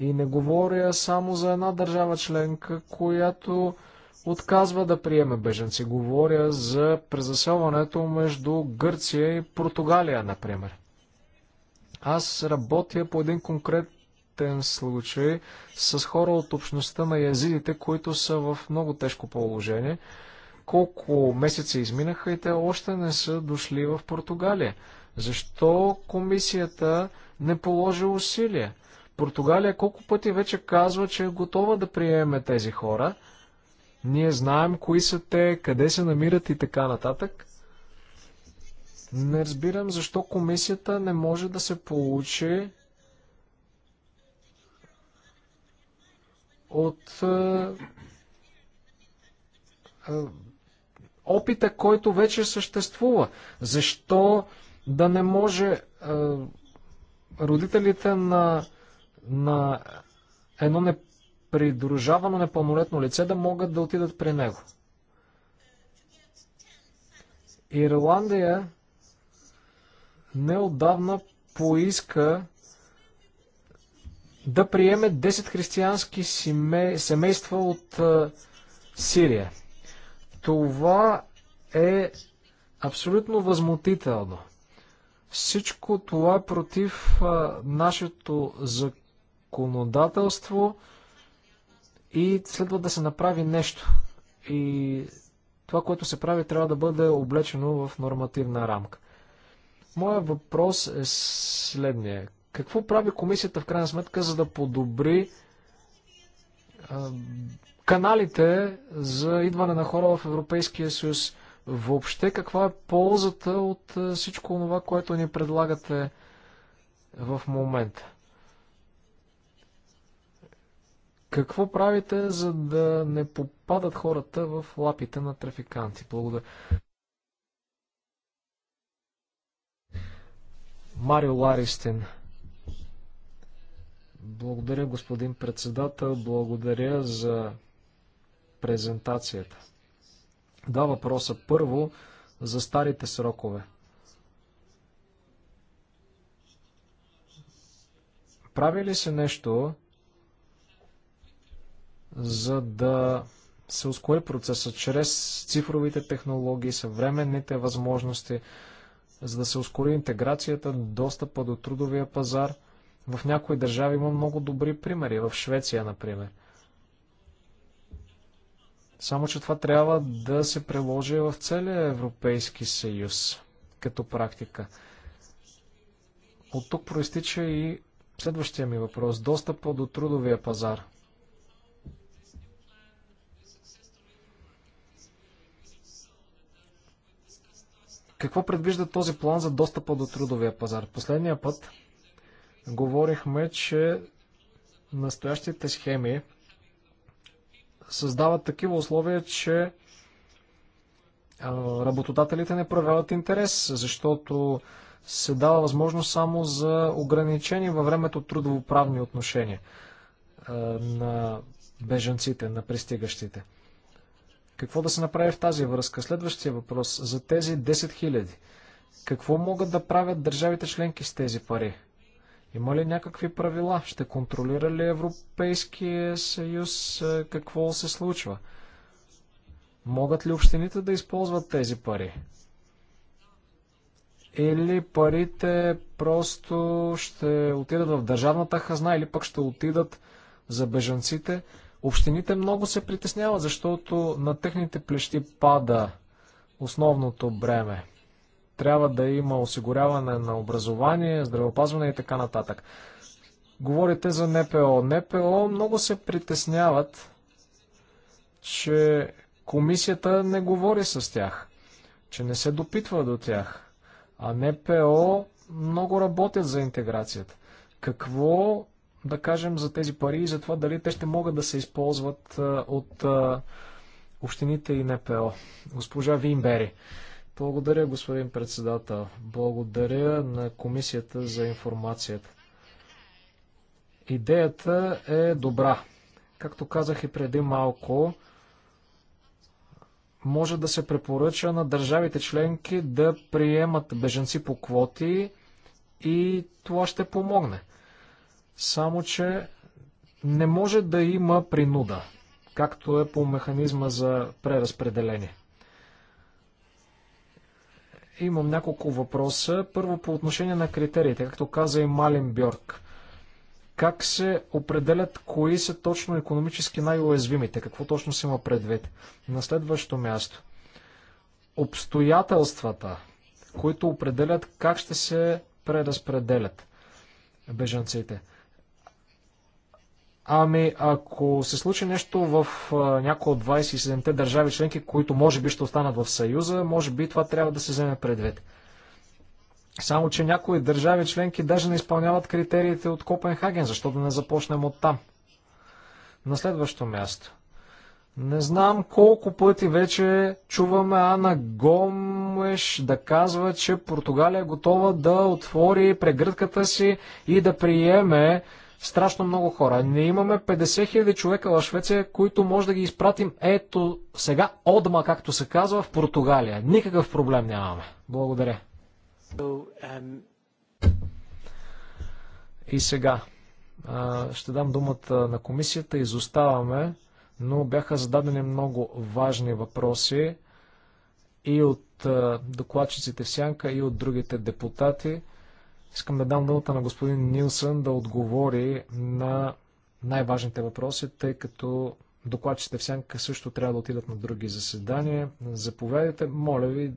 И не говоря само за една държава членка, която отказва да приеме беженци. Говоря за презаселването между Гърция и Португалия, например. Аз работя по един конкретен случай с хора от общността на язидите, които са в много тежко положение. Колко месеца изминаха и те още не са дошли в Португалия. Защо комисията не положи усилия? Португалия колко пъти вече казва, че е готова да приеме тези хора – ние знаем кои са те, къде се намират и така нататък. Не разбирам защо комисията не може да се получи от е, е, опита, който вече съществува. Защо да не може е, родителите на, на едно придружавано непълнолетно лице да могат да отидат при него. Ирландия неодавна поиска да приеме 10 християнски семейства от Сирия. Това е абсолютно възмутително. Всичко това е против а, нашето законодателство. И следва да се направи нещо. И това, което се прави, трябва да бъде облечено в нормативна рамка. Моя въпрос е следния. Какво прави комисията в крайна сметка, за да подобри а, каналите за идване на хора в Европейския съюз? Въобще, каква е ползата от всичко това, което ни предлагате в момента? Какво правите, за да не попадат хората в лапите на трафиканти? Благодаря. Марио Ларистин. Благодаря, господин председател. Благодаря за презентацията. Да, въпроса. Първо, за старите срокове. Прави ли се нещо, за да се ускори процеса чрез цифровите технологии, съвременните възможности, за да се ускори интеграцията, достъпа до трудовия пазар. В някои държави има много добри примери, в Швеция, например. Само, че това трябва да се приложи в целия Европейски съюз като практика. От тук проистича и следващия ми въпрос. Достъпа до трудовия пазар – Какво предвижда този план за достъпа до трудовия пазар? Последния път говорихме, че настоящите схеми създават такива условия, че работодателите не проявяват интерес, защото се дава възможност само за ограничени във времето трудовоправни отношения на бежанците, на пристигащите. Какво да се направи в тази връзка? Следващия въпрос. За тези 10 000. Какво могат да правят държавите членки с тези пари? Има ли някакви правила? Ще контролира ли Европейския съюз е, какво се случва? Могат ли общините да използват тези пари? Или парите просто ще отидат в държавната хазна, или пък ще отидат за бежанците? Общините много се притесняват, защото на техните плещи пада основното бреме. Трябва да има осигуряване на образование, здравеопазване и така нататък. Говорите за НПО. НПО много се притесняват, че комисията не говори с тях, че не се допитва до тях. А НПО много работят за интеграцията. Какво да кажем, за тези пари и за това дали те ще могат да се използват от общините и НПО. Госпожа Винбери, Благодаря, господин председател. Благодаря на комисията за информацията. Идеята е добра. Както казах и преди малко, може да се препоръча на държавите членки да приемат беженци по квоти и това ще помогне. Само, че не може да има принуда, както е по механизма за преразпределение. Имам няколко въпроса. Първо по отношение на критериите, както каза и Малин Бьорк. Как се определят кои са точно економически най-уязвимите? Какво точно се има предвид? На следващо място. Обстоятелствата, които определят как ще се преразпределят бежанците. Ами, ако се случи нещо в някои от 27-те държави членки, които може би ще останат в Съюза, може би това трябва да се вземе предвид. Само, че някои държави членки даже не изпълняват критериите от Копенхаген, защото да не започнем от там. На следващо място. Не знам колко пъти вече чуваме Ана Гомеш да казва, че Португалия е готова да отвори прегръдката си и да приеме страшно много хора. Не имаме 50 000 човека в Швеция, които може да ги изпратим ето сега, отма, както се казва, в Португалия. Никакъв проблем нямаме. Благодаря. И сега ще дам думата на комисията. Изоставаме, но бяха зададени много важни въпроси и от докладчиците в Сянка, и от другите депутати. Искам да дам думата на господин Нилсън да отговори на най-важните въпроси, тъй като докладчите в сянка също трябва да отидат на други заседания. Заповядайте, моля ви,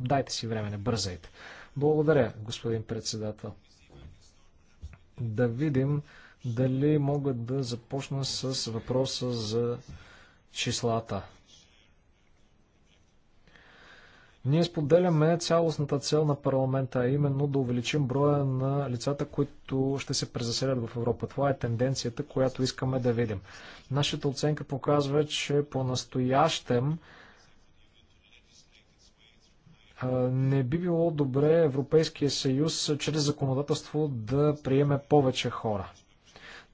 дайте си време, не бързайте. Благодаря, господин председател. Да видим дали мога да започна с въпроса за числата. Ние споделяме цялостната цел на парламента, а именно да увеличим броя на лицата, които ще се презаселят в Европа. Това е тенденцията, която искаме да видим. Нашата оценка показва, че по-настоящем не би било добре Европейския съюз чрез законодателство да приеме повече хора.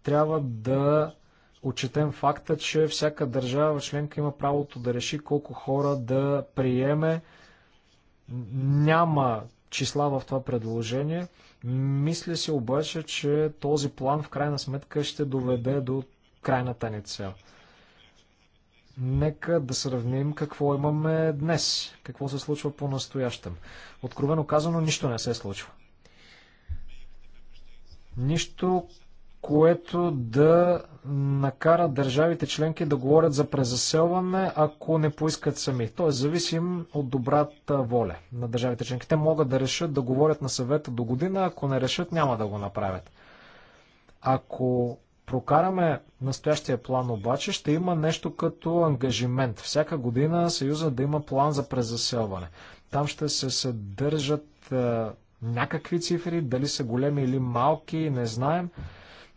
Трябва да отчетем факта, че всяка държава членка има правото да реши колко хора да приеме няма числа в това предложение. Мисля се обаче, че този план в крайна сметка ще доведе до крайната ни цел. Нека да сравним какво имаме днес, какво се случва по-настоящем. Откровено казано, нищо не се случва. Нищо, което да накара държавите членки да говорят за презаселване, ако не поискат сами. Тоест, зависим от добрата воля на държавите членки. Те могат да решат да говорят на съвета до година, ако не решат, няма да го направят. Ако прокараме настоящия план обаче, ще има нещо като ангажимент. Всяка година Съюза да има план за презаселване. Там ще се съдържат е, някакви цифри, дали са големи или малки, не знаем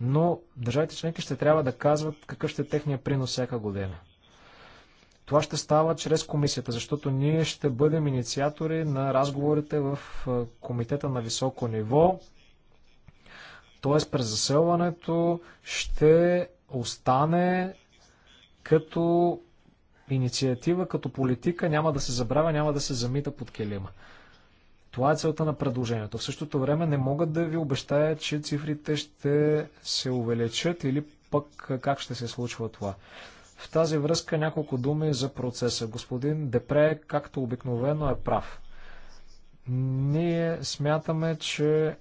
но държавите членки ще трябва да казват какъв ще е техния принос всяка година. Това ще става чрез комисията, защото ние ще бъдем инициатори на разговорите в комитета на високо ниво, т.е. през заселването ще остане като инициатива, като политика, няма да се забравя, няма да се замита под келима. Това е целта на предложението. В същото време не могат да ви обещая, че цифрите ще се увеличат или пък как ще се случва това. В тази връзка няколко думи за процеса. Господин Депре, както обикновено, е прав. Ние смятаме, че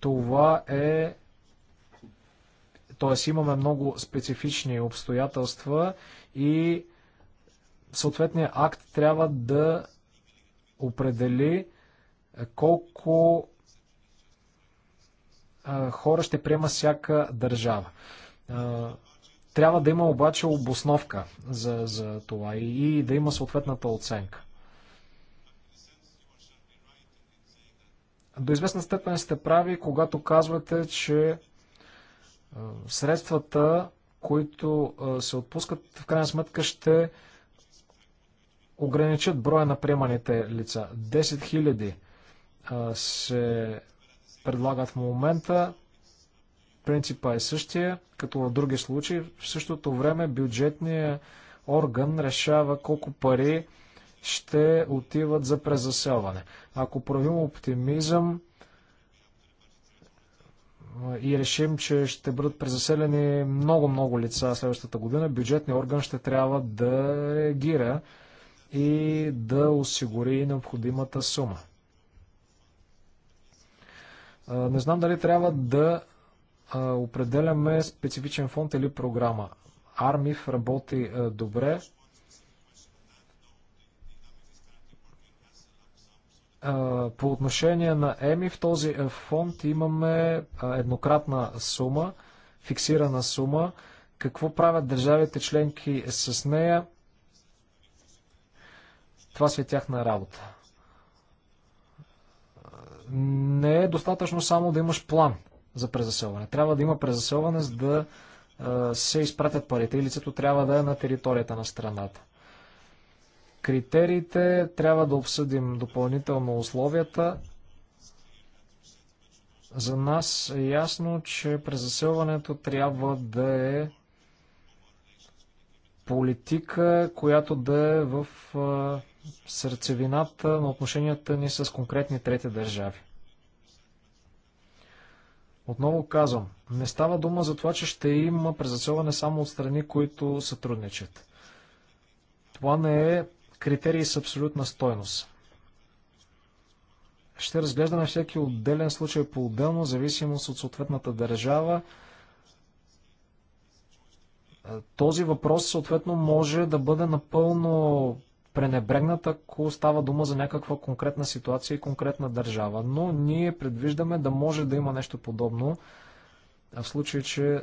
това е. Тоест имаме много специфични обстоятелства и съответният акт трябва да определи е, колко е, хора ще приема всяка държава. Е, трябва да има обаче обосновка за, за това и, и да има съответната оценка. До известна степен сте прави, когато казвате, че средствата, които се отпускат, в крайна сметка ще ограничат броя на приеманите лица. 10 000 се предлагат в момента. Принципа е същия, като в други случаи. В същото време бюджетният орган решава колко пари ще отиват за презаселване. Ако правим оптимизъм и решим, че ще бъдат презаселени много-много лица следващата година, бюджетният орган ще трябва да реагира и да осигури необходимата сума. Не знам дали трябва да определяме специфичен фонд или програма. Армив работи добре. По отношение на ЕМИ в този фонд имаме еднократна сума, фиксирана сума. Какво правят държавите членки с нея? Това си е тяхна работа не е достатъчно само да имаш план за презаселване. Трябва да има презаселване, за да се изпратят парите и лицето трябва да е на територията на страната. Критериите трябва да обсъдим допълнително условията. За нас е ясно, че презаселването трябва да е политика, която да е в сърцевината на отношенията ни с конкретни трети държави. Отново казвам, не става дума за това, че ще има презасилване само от страни, които сътрудничат. Това не е критерий с абсолютна стойност. Ще разглеждаме всеки отделен случай по-отделно, зависимост от съответната държава. Този въпрос съответно може да бъде напълно пренебрегнат, ако става дума за някаква конкретна ситуация и конкретна държава. Но ние предвиждаме да може да има нещо подобно, в случай, че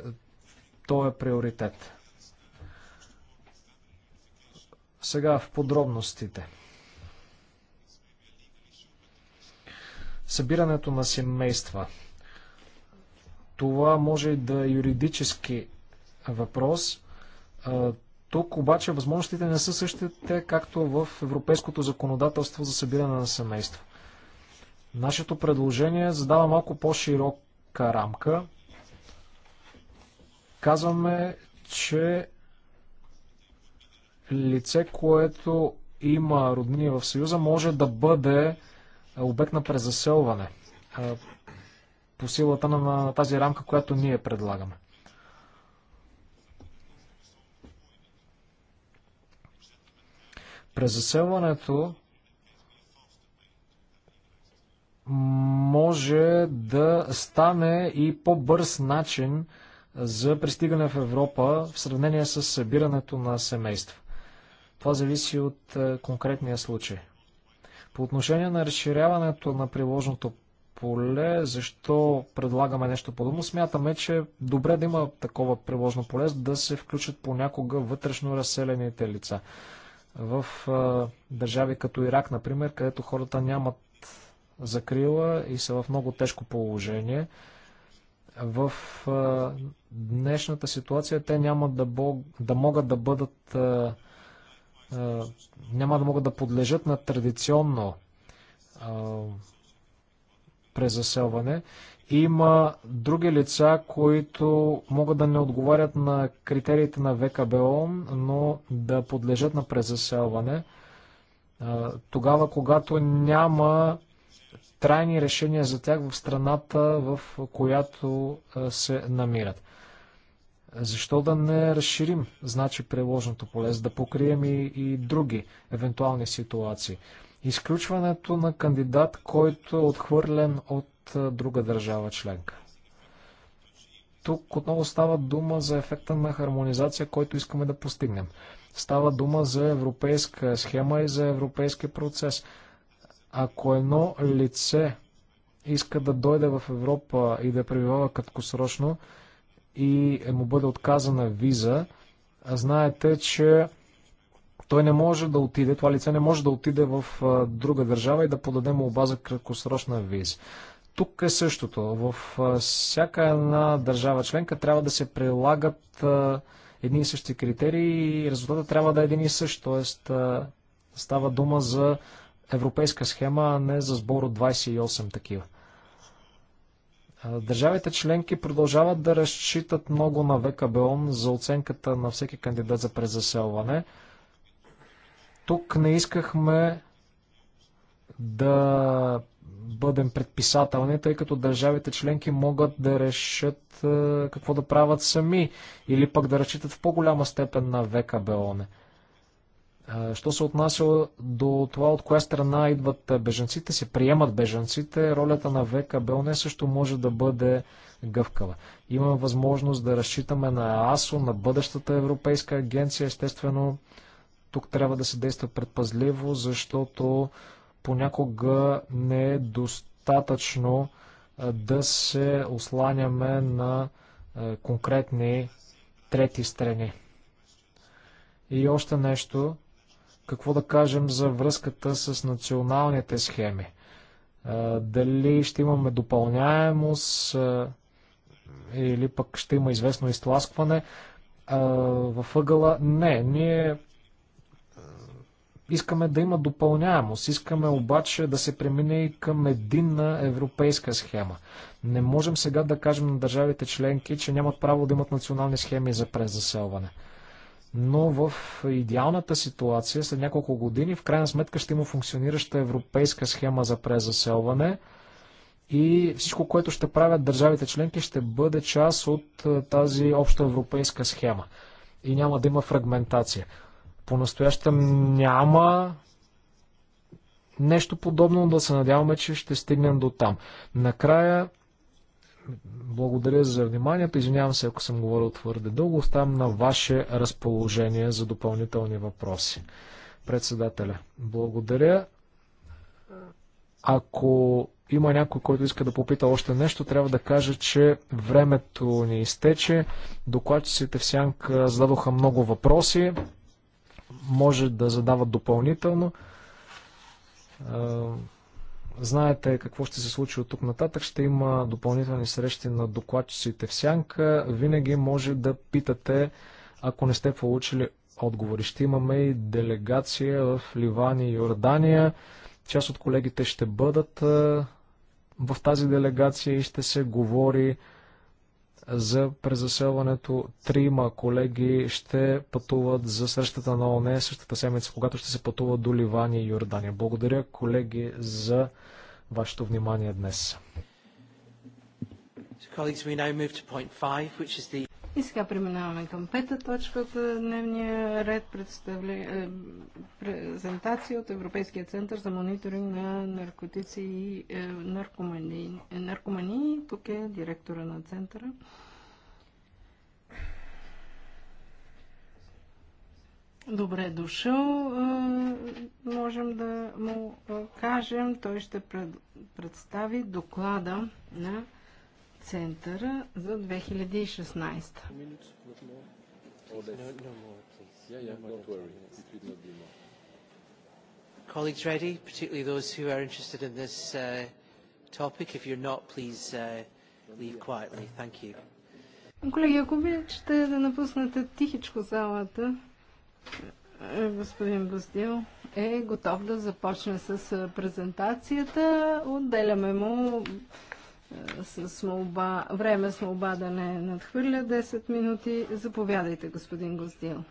то е приоритет. Сега в подробностите. Събирането на семейства. Това може и да е юридически въпрос. Тук обаче възможностите не са същите, както в европейското законодателство за събиране на семейство. Нашето предложение задава малко по-широка рамка. Казваме, че лице, което има роднини в Съюза, може да бъде обект на презаселване по силата на, на тази рамка, която ние предлагаме. През заселването може да стане и по-бърз начин за пристигане в Европа в сравнение с събирането на семейства. Това зависи от е, конкретния случай. По отношение на разширяването на приложното поле, защо предлагаме нещо подобно, смятаме, че е добре да има такова приложно поле, да се включат понякога вътрешно разселените лица в държави като Ирак, например, където хората нямат закрила и са в много тежко положение. В днешната ситуация те няма да, бог, да могат да бъдат няма да могат да подлежат на традиционно презаселване. Има други лица, които могат да не отговарят на критериите на ВКБО, но да подлежат на презаселване. Тогава, когато няма трайни решения за тях в страната, в която се намират. Защо да не разширим, значи, приложното поле, за да покрием и, и други евентуални ситуации? Изключването на кандидат, който е отхвърлен от друга държава членка. Тук отново става дума за ефекта на хармонизация, който искаме да постигнем. Става дума за европейска схема и за европейски процес. Ако едно лице иска да дойде в Европа и да пребивава краткосрочно и е му бъде отказана виза, знаете, че той не може да отиде, това лице не може да отиде в друга държава и да подаде му оба за краткосрочна виза. Тук е същото. В всяка една държава членка трябва да се прилагат едни и същи критерии и резултата трябва да е един и същ. Тоест става дума за европейска схема, а не за сбор от 28 такива. Държавите членки продължават да разчитат много на ВКБОН за оценката на всеки кандидат за презаселване. Тук не искахме да бъдем предписателни, тъй като държавите членки могат да решат е, какво да правят сами или пък да разчитат в по-голяма степен на ВКБОН. Е, що се отнася до това, от коя страна идват беженците, се приемат беженците, ролята на ВКБОН също може да бъде гъвкава. Имаме възможност да разчитаме на АСО, на бъдещата Европейска агенция. Естествено, тук трябва да се действа предпазливо, защото понякога не е достатъчно да се осланяме на конкретни трети страни. И още нещо, какво да кажем за връзката с националните схеми. Дали ще имаме допълняемост или пък ще има известно изтласкване в ъгъла? Не, ние Искаме да има допълняемост, искаме обаче да се премине и към единна европейска схема. Не можем сега да кажем на държавите членки, че нямат право да имат национални схеми за презаселване. Но в идеалната ситуация, след няколко години, в крайна сметка ще има функционираща европейска схема за презаселване и всичко, което ще правят държавите членки, ще бъде част от тази обща европейска схема и няма да има фрагментация. По-настоящем няма нещо подобно, да се надяваме, че ще стигнем до там. Накрая, благодаря за вниманието. Извинявам се, ако съм говорил твърде дълго. Оставам на ваше разположение за допълнителни въпроси. Председателя, благодаря. Ако има някой, който иска да попита още нещо, трябва да кажа, че времето ни изтече. Докладчиците в Сянка зададоха много въпроси може да задават допълнително. Знаете какво ще се случи от тук нататък. Ще има допълнителни срещи на докладчиците в сянка. Винаги може да питате, ако не сте получили отговори. Ще имаме и делегация в Ливан и Йордания. Част от колегите ще бъдат в тази делегация и ще се говори за презаселването. Трима колеги ще пътуват за срещата на ОНЕ същата седмица, когато ще се пътуват до Ливания и Йордания. Благодаря, колеги, за вашето внимание днес. И сега преминаваме към пета точка от е, дневния ред представля... Е, презентация от Европейския център за мониторинг на наркотици и е, наркомани. наркомании. Тук е директора на центъра. Добре дошъл, можем да му кажем. Той ще пред... представи доклада на центъра за 2016. Colleagues ready, particularly those who are interested in this uh, topic. If you're not, please uh, leave quietly. Thank you. Колеги, ако обичате да напуснете тихичко залата, е, господин Бастил е готов да започне с презентацията. Отделяме му с молба, време с молба да не надхвърля 10 минути. Заповядайте, господин Гостил.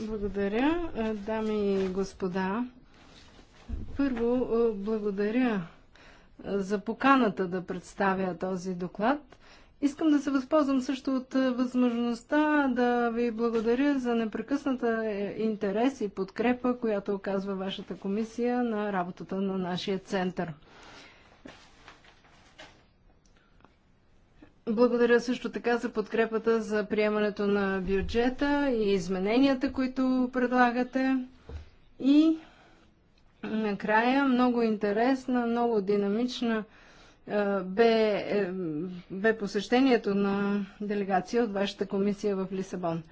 Благодаря, дами и господа. Първо, благодаря за поканата да представя този доклад. Искам да се възползвам също от възможността да ви благодаря за непрекъсната е, интерес и подкрепа, която оказва вашата комисия на работата на нашия център. Благодаря също така за подкрепата за приемането на бюджета и измененията, които предлагате. И накрая много интересна, много динамична бе, е, бе посещението на делегация от вашата комисия в Лисабон.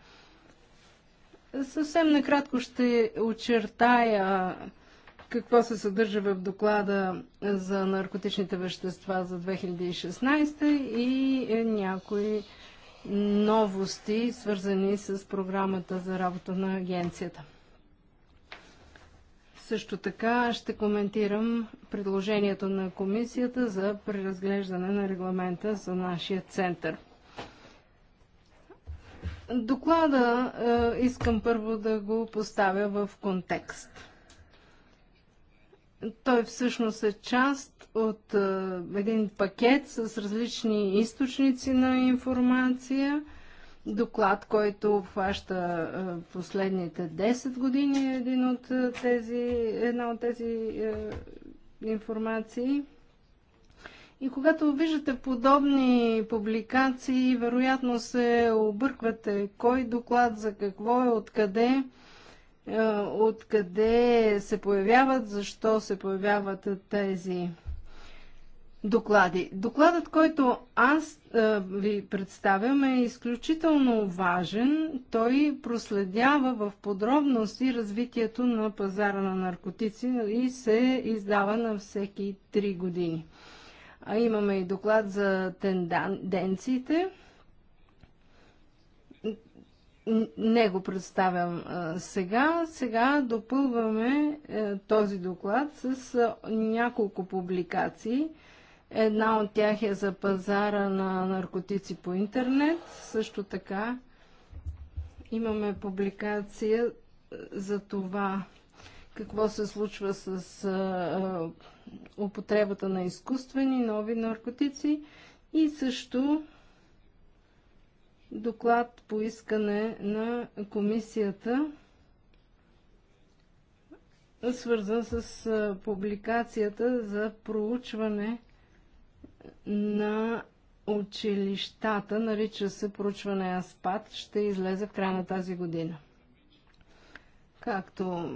Съвсем накратко ще очертая какво се съдържа в доклада за наркотичните вещества за 2016 и е, някои новости, свързани с програмата за работа на агенцията. Също така ще коментирам предложението на комисията за преразглеждане на регламента за нашия център. Доклада е, искам първо да го поставя в контекст. Той всъщност е част от е, един пакет с различни източници на информация. Доклад, който обхваща е, последните 10 години, е един от тези, една от тези информации. И когато виждате подобни публикации, вероятно се обърквате кой доклад, за какво е, откъде. Е, откъде се появяват, защо се появяват тези доклади. Докладът, който аз е, ви представям, е изключително важен. Той проследява в подробности развитието на пазара на наркотици и се издава на всеки 3 години. А имаме и доклад за тенденциите не го представям сега. Сега допълваме е, този доклад с няколко публикации. Една от тях е за пазара на наркотици по интернет. Също така имаме публикация е, за това какво се случва с а, употребата на изкуствени нови наркотици и също доклад по искане на комисията, свързан с публикацията за проучване на училищата, нарича се проучване Аспад, ще излезе в края на тази година. Както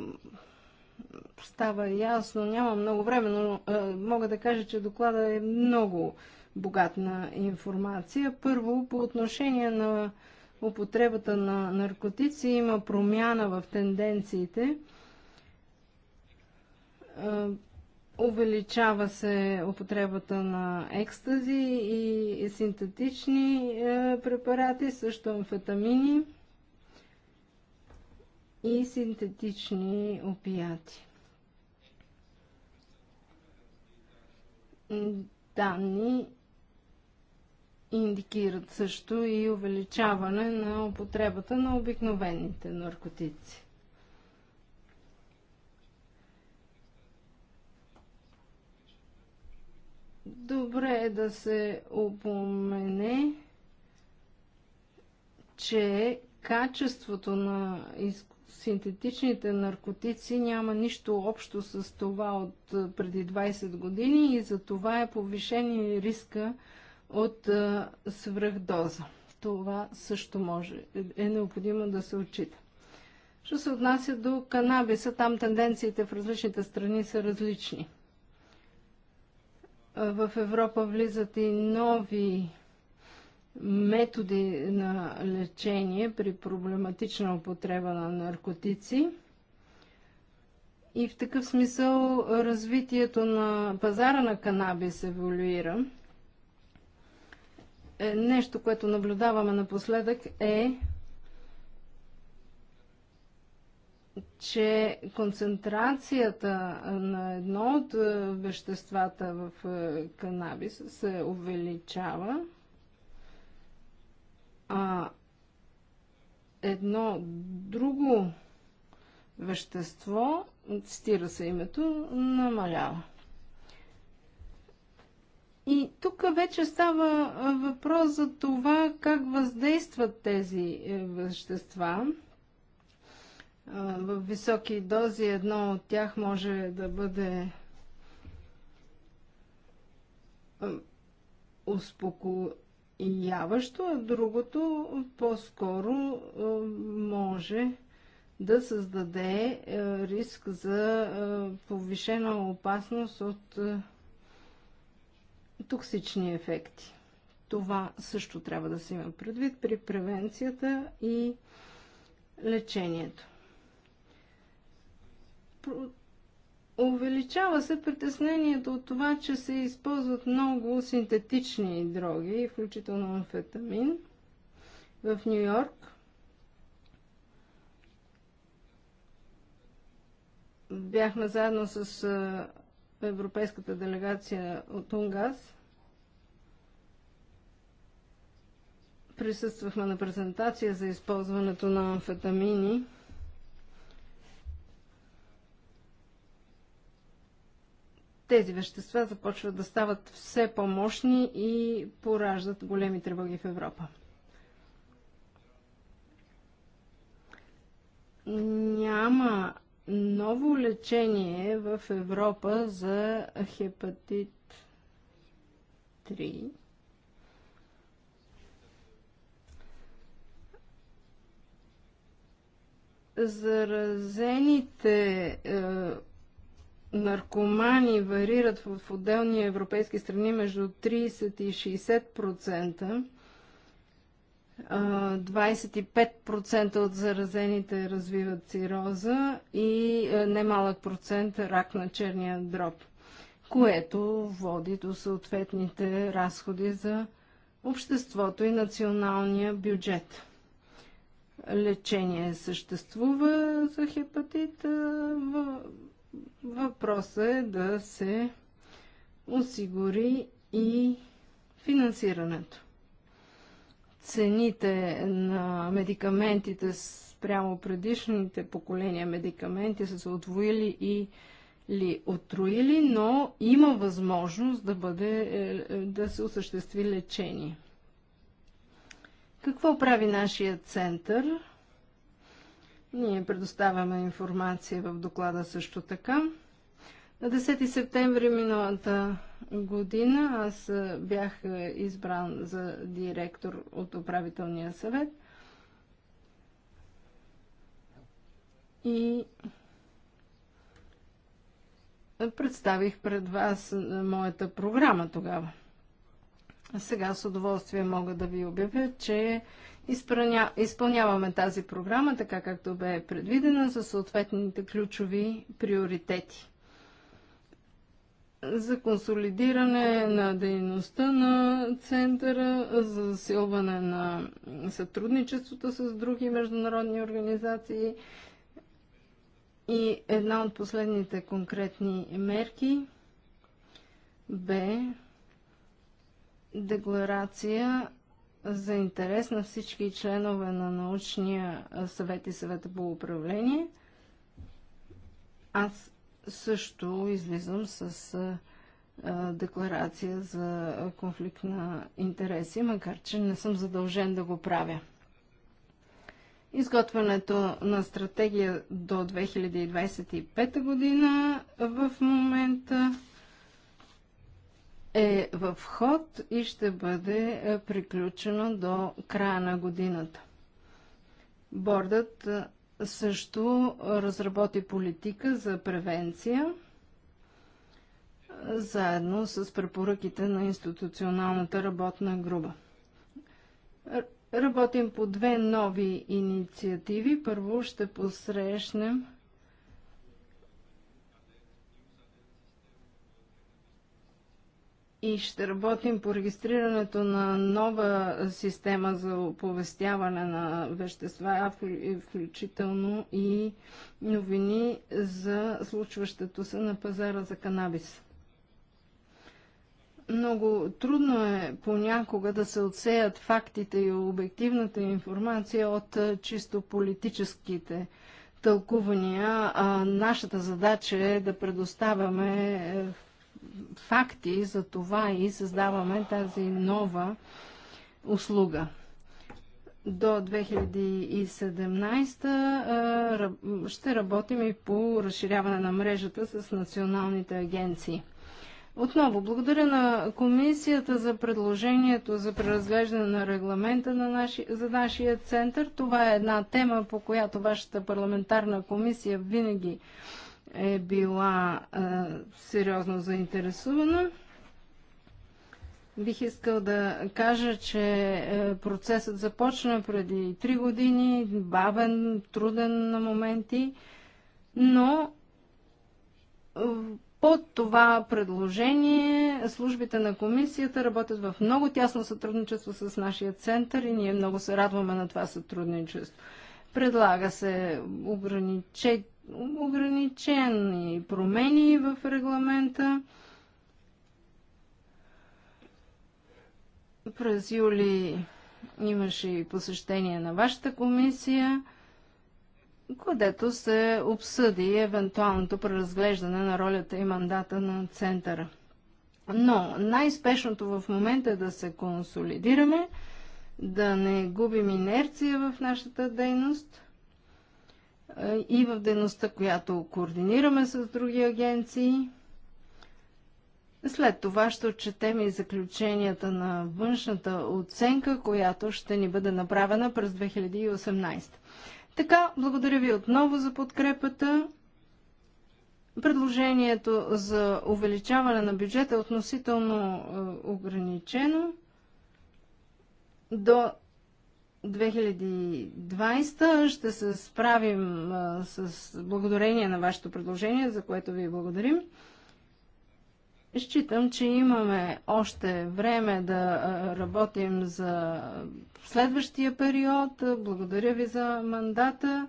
става ясно, няма много време, но мога да кажа, че доклада е много богат на информация. Първо, по отношение на употребата на наркотици има промяна в тенденциите. Увеличава се употребата на екстази и синтетични е, препарати, също амфетамини и синтетични опияти. Данни индикират също и увеличаване на употребата на обикновените наркотици. Добре е да се упомене, че качеството на синтетичните наркотици няма нищо общо с това от преди 20 години и за това е повишение риска от свръхдоза. Това също може, е необходимо да се отчита. Що се отнася до канабиса, там тенденциите в различните страни са различни. В Европа влизат и нови методи на лечение при проблематична употреба на наркотици. И в такъв смисъл развитието на пазара на канабис еволюира. Е нещо, което наблюдаваме напоследък е, че концентрацията на едно от веществата в канабис се увеличава, а едно друго вещество, цитира се името, намалява. И тук вече става въпрос за това как въздействат тези е, вещества. В високи дози едно от тях може да бъде успокояващо, а другото по-скоро може да създаде е, риск за повишена опасност от токсични ефекти. Това също трябва да се има предвид при превенцията и лечението. Увеличава се притеснението от това, че се използват много синтетични дроги, включително амфетамин, в Нью Йорк. Бяхме заедно с европейската делегация от Унгаз. Присъствахме на презентация за използването на амфетамини. Тези вещества започват да стават все по-мощни и пораждат големи тревоги в Европа. Няма ново лечение в Европа за хепатит 3. Заразените е, наркомани варират в отделни европейски страни между 30 и 60%. 25% от заразените развиват цироза и немалък процент рак на черния дроб, което води до съответните разходи за обществото и националния бюджет. Лечение съществува за хепатит. Въпросът е да се осигури и финансирането цените на медикаментите спрямо предишните поколения медикаменти са се отвоили и ли отруили, но има възможност да, бъде, е, е, да се осъществи лечение. Какво прави нашия център? Ние предоставяме информация в доклада също така. На 10 септември миналата година аз бях избран за директор от управителния съвет и представих пред вас моята програма тогава. Сега с удоволствие мога да ви обявя, че изпълняваме тази програма така както бе предвидена за съответните ключови приоритети за консолидиране на дейността на центъра, за засилване на сътрудничеството с други международни организации и една от последните конкретни мерки бе декларация за интерес на всички членове на научния съвет и съвета по управление. Аз също излизам с декларация за конфликт на интереси, макар че не съм задължен да го правя. Изготвянето на стратегия до 2025 година в момента е в ход и ще бъде приключено до края на годината. Бордът също разработи политика за превенция заедно с препоръките на институционалната работна група. Работим по две нови инициативи. Първо ще посрещнем и ще работим по регистрирането на нова система за оповестяване на вещества, включително и новини за случващото се на пазара за канабис. Много трудно е понякога да се отсеят фактите и обективната информация от чисто политическите тълкувания. А нашата задача е да предоставяме е, факти за това и създаваме тази нова услуга. До 2017 ще работим и по разширяване на мрежата с националните агенции. Отново, благодаря на комисията за предложението за преразглеждане на регламента на наши, за нашия център. Това е една тема, по която вашата парламентарна комисия винаги е била а, сериозно заинтересувана. Бих искал да кажа, че е, процесът започна преди 3 години, бавен, труден на моменти, но е, под това предложение службите на комисията работят в много тясно сътрудничество с нашия център и ние много се радваме на това сътрудничество. Предлага се ограничение ограничени промени в регламента. През юли имаше и посещение на вашата комисия, където се обсъди евентуалното преразглеждане на ролята и мандата на центъра. Но най-спешното в момента е да се консолидираме, да не губим инерция в нашата дейност – и в дейността, която координираме с други агенции. След това ще отчетем и заключенията на външната оценка, която ще ни бъде направена през 2018. Така, благодаря ви отново за подкрепата. Предложението за увеличаване на бюджета е относително е, ограничено до 2020 ще се справим а, с благодарение на вашето предложение, за което ви благодарим. Считам, че имаме още време да работим за следващия период. Благодаря ви за мандата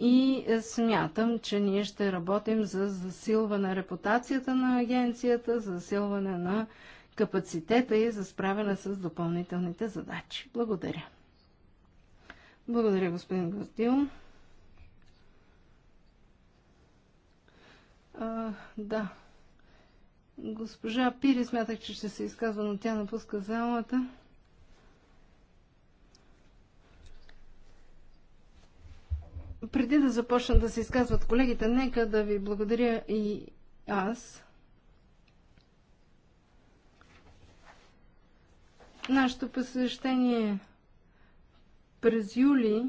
и смятам, че ние ще работим за засилване репутацията на агенцията, за засилване на капацитета и за справяне с допълнителните задачи. Благодаря. Благодаря, господин Гвоздил. да. Госпожа Пири смятах, че ще се изказва, но тя напуска залата. Преди да започна да се изказват колегите, нека да ви благодаря и аз. Нашето посещение през юли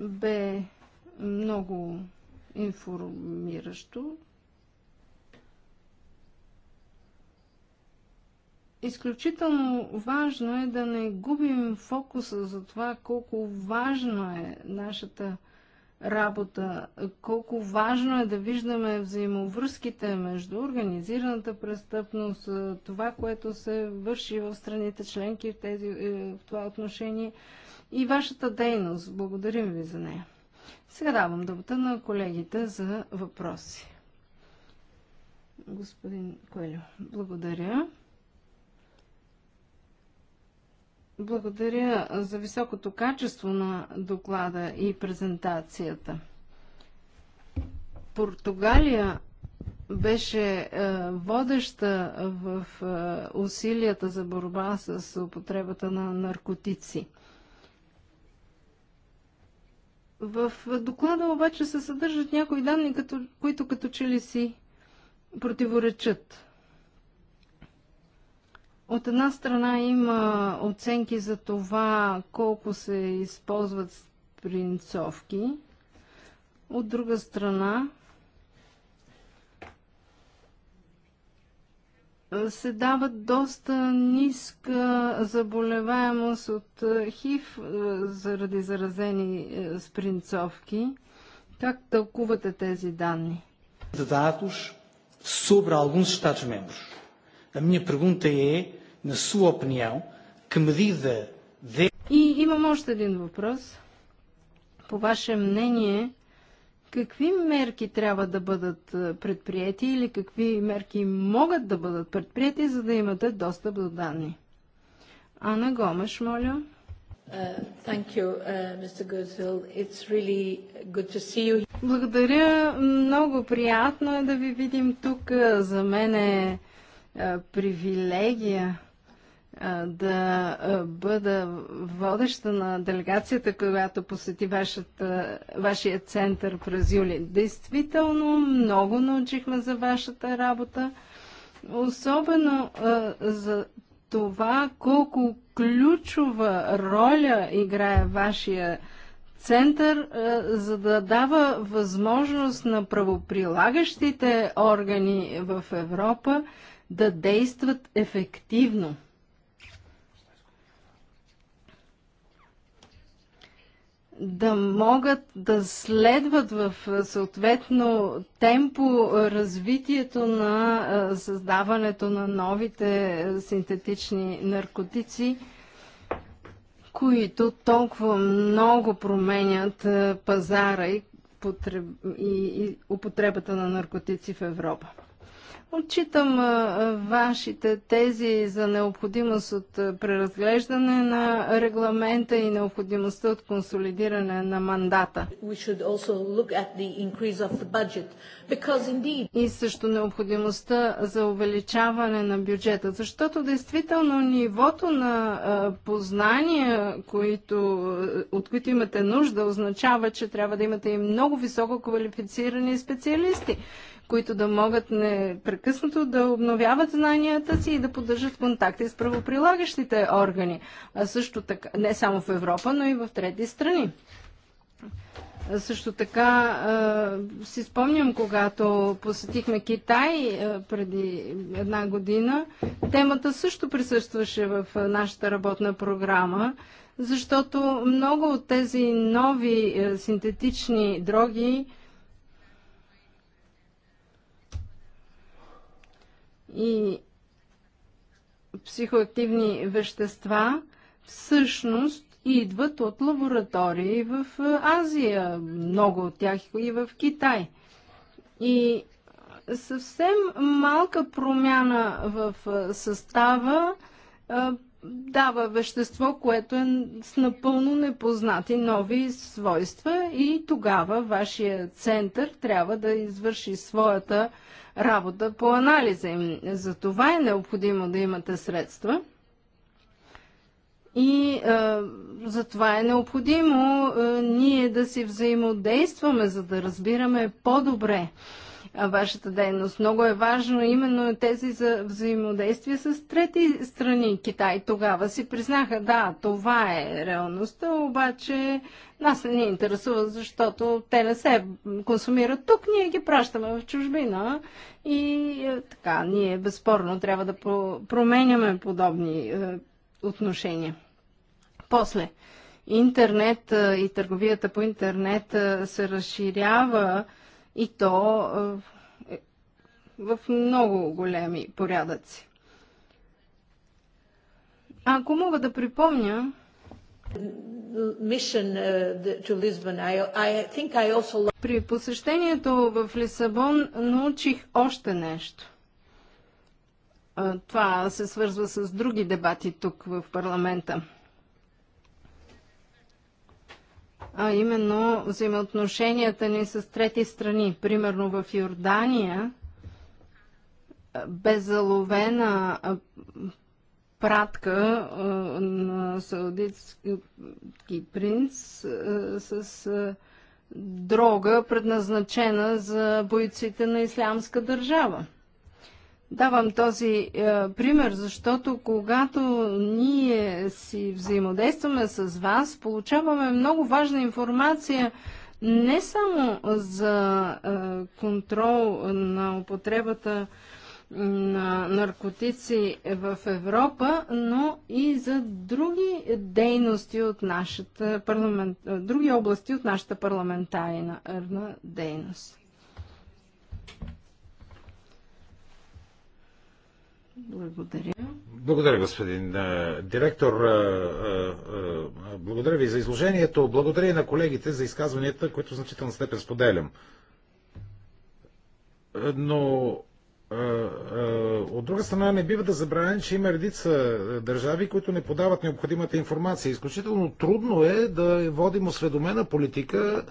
бе много информиращо. Изключително важно е да не губим фокуса за това колко важно е нашата работа, колко важно е да виждаме взаимовръзките между организираната престъпност, това, което се върши в страните членки в, тези, е, в това отношение и вашата дейност. Благодарим ви за нея. Сега давам думата на колегите за въпроси. Господин Коелю, благодаря. Благодаря за високото качество на доклада и презентацията. Португалия беше е, водеща в е, усилията за борба с употребата на наркотици. В доклада обаче се съдържат някои данни, като, които като че ли си противоречат. От една страна има оценки за това колко се използват спринцовки. От друга страна се дават доста ниска заболеваемост от е, ХИВ е, заради заразени е, спринцовки. Как тълкувате тези данни? Dados sobre alguns Estados-membros. A minha pergunta é na sua opinião, que medida de... И имам още един въпрос. По ваше мнение, какви мерки трябва да бъдат предприяти или какви мерки могат да бъдат предприяти, за да имате достъп до данни? Ана Гомеш, моля. Uh, thank you, uh, Mr. It's really good to see you. Благодаря. Много приятно е да ви видим тук. За мен е привилегия да бъда водеща на делегацията, която посети вашата, вашия център през юли. Действително много научихме за вашата работа, особено а, за това колко ключова роля играе вашия център, а, за да дава възможност на правоприлагащите органи в Европа да действат ефективно. да могат да следват в съответно темпо развитието на създаването на новите синтетични наркотици, които толкова много променят пазара и, употребата на наркотици в Европа. Отчитам вашите тези за необходимост от преразглеждане на регламента и необходимостта от консолидиране на мандата. indeed... И също необходимостта за увеличаване на бюджета, защото действително нивото на познания, които, от които имате нужда, означава, че трябва да имате и много високо квалифицирани специалисти които да могат непрекъснато да обновяват знанията си и да поддържат контакти с правоприлагащите органи. А също така, не само в Европа, но и в трети страни. Също така си спомням, когато посетихме Китай преди една година, темата също присъстваше в нашата работна програма, защото много от тези нови синтетични дроги и психоактивни вещества всъщност идват от лаборатории в Азия, много от тях и в Китай. И съвсем малка промяна в състава дава вещество, което е с напълно непознати нови свойства и тогава вашия център трябва да извърши своята работа по анализа им. За това е необходимо да имате средства. И е, за това е необходимо е, ние да си взаимодействаме, за да разбираме по-добре вашата дейност. Много е важно именно тези за взаимодействия с трети страни. Китай тогава си признаха, да, това е реалността, обаче нас не ни интересува, защото те не се консумират тук, ние ги пращаме в чужбина и е, така, ние безспорно трябва да променяме подобни е, отношения. После, интернет е, и търговията по интернет се разширява и то е, в много големи порядъци. Ако мога да припомня, uh, при посещението в Лисабон научих още нещо. Това се свързва с други дебати тук в парламента. а именно взаимоотношенията ни с трети страни. Примерно в Йордания беззаловена пратка на саудитски принц с дрога, предназначена за бойците на Ислямска държава. Давам този е, пример, защото когато ние си взаимодействаме с вас, получаваме много важна информация не само за е, контрол на употребата на наркотици в Европа, но и за други дейности от нашата парламент... други области от нашата парламентарна дейност. Благодаря. Благодаря, господин е, директор. Е, е, благодаря ви за изложението. Благодаря и на колегите за изказванията, които значително значителна степен споделям. Но от друга страна не бива да забравяме, че има редица държави, които не подават необходимата информация. Изключително трудно е да водим осведомена политика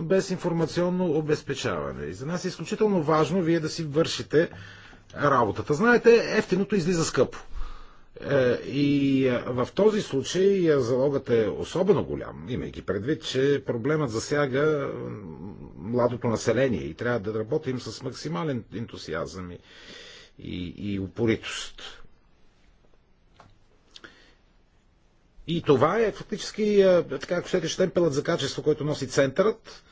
без информационно обезпечаване. И за нас е изключително важно вие да си вършите работата. Знаете, ефтиното излиза скъпо. Е, и е, в този случай е, залогът е особено голям, имайки предвид, че проблемът засяга младото население и трябва да работим с максимален ентусиазъм и, и, и упоритост. И това е фактически, така ако щете, щемпелът за качество, който носи центърът,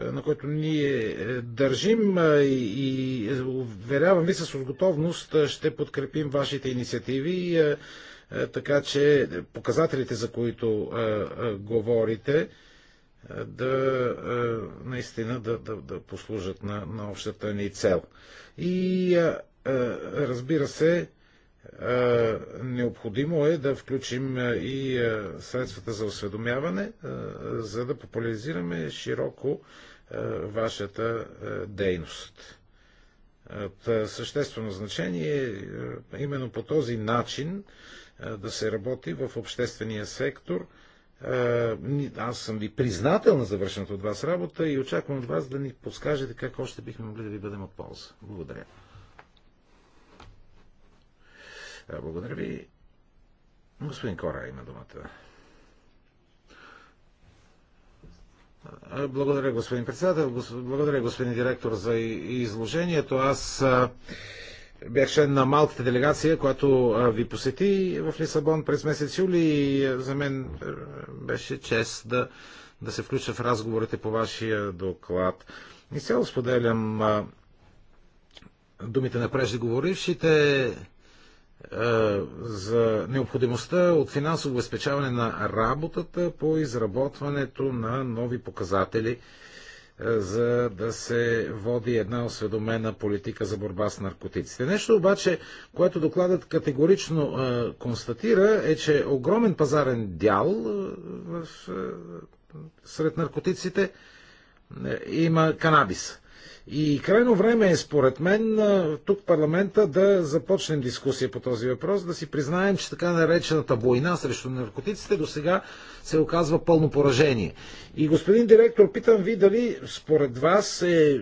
на който ние е, държим е, и уверявам с готовност е, ще подкрепим вашите инициативи, така че показателите, за които говорите, да наистина да, да, да послужат на, на общата ни цел. И разбира се, е, необходимо е да включим е, и е, средствата за осведомяване, за да популяризираме широко вашата дейност. От съществено значение именно по този начин да се работи в обществения сектор. Аз съм ви признателна за вършената от вас работа и очаквам от вас да ни подскажете как още бихме могли да ви бъдем от полза. Благодаря. Е, благодаря ви. Господин Кора има думата. Е, благодаря, господин председател. Благодаря, господин директор, за изложението. Аз бях член на малката делегация, която ви посети в Лисабон през месец юли и за мен е, беше чест да, да се включа в разговорите по вашия доклад. И сега споделям думите на преждеговорившите е, за необходимостта от финансово обезпечаване на работата по изработването на нови показатели, е, за да се води една осведомена политика за борба с наркотиците. Нещо обаче, което докладът категорично е, констатира, е, че огромен пазарен дял сред наркотиците има канабис. И крайно време е, според мен, тук парламента да започнем дискусия по този въпрос, да си признаем, че така наречената война срещу наркотиците до сега се оказва пълно поражение. И господин директор, питам ви дали според вас е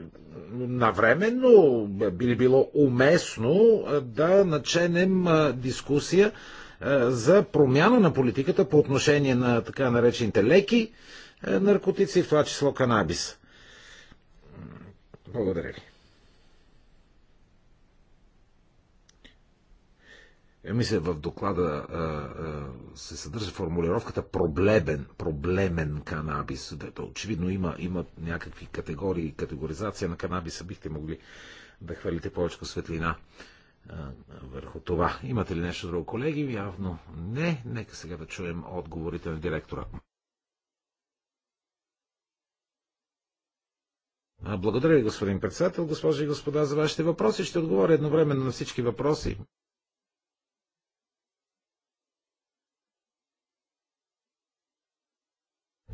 навременно, би ли било уместно да наченем дискусия за промяна на политиката по отношение на така наречените леки наркотици, в това число канабис. Благодаря ви. Е, мисля, в доклада а, а, се съдържа формулировката проблемен, проблемен канабис. Очевидно има, има някакви категории, категоризация на канабиса. Бихте могли да хвърлите повече светлина а, върху това. Имате ли нещо друго, колеги? Явно не. Нека сега да чуем отговорите на директора. Благодаря ви, господин председател, госпожи и господа, за вашите въпроси. Ще отговоря едновременно на всички въпроси.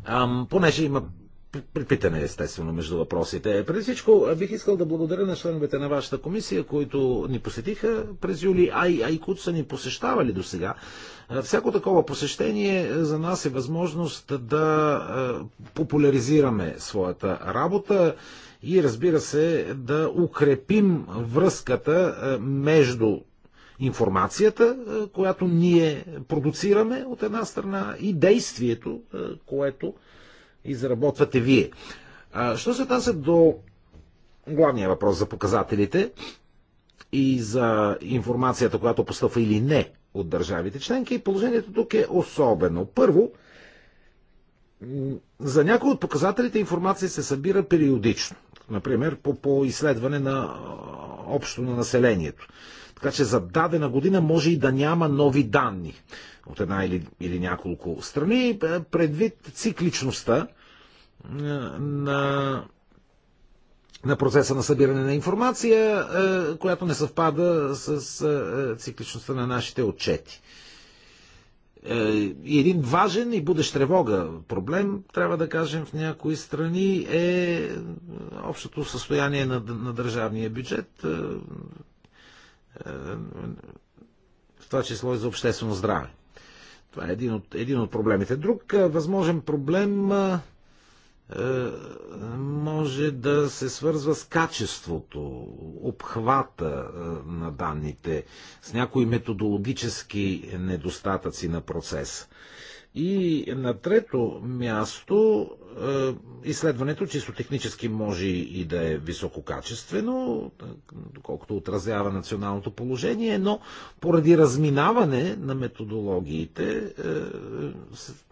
Ам, понеже има предпитане естествено между въпросите. Преди всичко бих искал да благодаря на членовете на вашата комисия, които ни посетиха през юли, а и, а и които са ни посещавали до сега. Всяко такова посещение за нас е възможност да популяризираме своята работа и разбира се да укрепим връзката между информацията, която ние продуцираме от една страна и действието, което изработвате вие. Що се отнася до главния въпрос за показателите и за информацията, която постъпва или не от държавите членки, положението тук е особено. Първо, за някои от показателите информация се събира периодично. Например, по, по изследване на общо на населението. Така че за дадена година може и да няма нови данни от една или, или няколко страни, е, предвид цикличността е, на, на процеса на събиране на информация, е, която не съвпада с цикличността на нашите отчети. И един важен и будещ тревога проблем, трябва да кажем в някои страни, е общото състояние на, на държавния бюджет, в това число и за обществено здраве. Това е един от, един от проблемите. Друг възможен проблем може да се свързва с качеството, обхвата на данните, с някои методологически недостатъци на процес. И на трето място, е, изследването чисто технически може и да е висококачествено, доколкото отразява националното положение, но поради разминаване на методологиите е,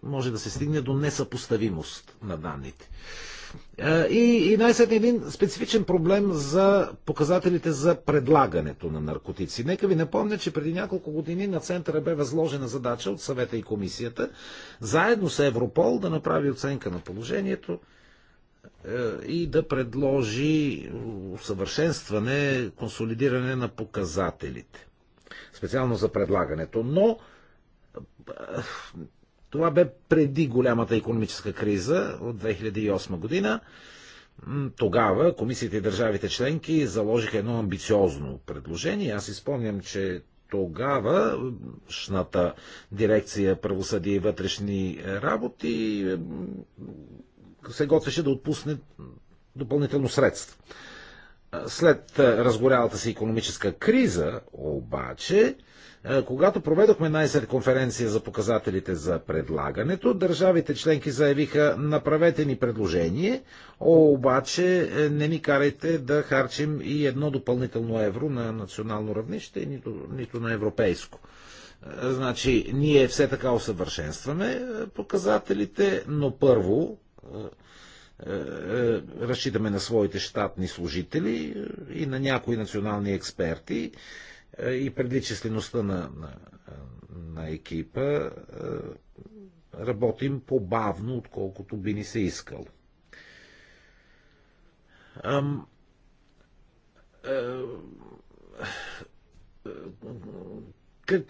може да се стигне до несъпоставимост на данните. Е, и, и най-сетне един специфичен проблем за показателите за предлагането на наркотици. Нека ви напомня, че преди няколко години на Центъра бе възложена задача от съвета и комисията, заедно с Европол, да направи оценка на положението е, и да предложи усъвършенстване, консолидиране на показателите. Специално за предлагането. Но е, това бе преди голямата економическа криза от 2008 година. Тогава комисията и държавите членки заложиха едно амбициозно предложение. Аз изпомням, че тогава шната дирекция правосъдие и вътрешни работи се готвеше да отпусне допълнително средства. След разгорялата си економическа криза, обаче, е, когато проведохме най-сет конференция за показателите за предлагането, държавите членки заявиха направете ни предложение, обаче е, не ни карайте да харчим и едно допълнително евро на национално равнище, нито, нито на европейско. Е, значи, ние все така усъвършенстваме показателите, но първо разчитаме на своите щатни служители и на някои национални експерти и преди числеността на, на, на екипа е, работим по-бавно, отколкото би ни се искал. Ам, е,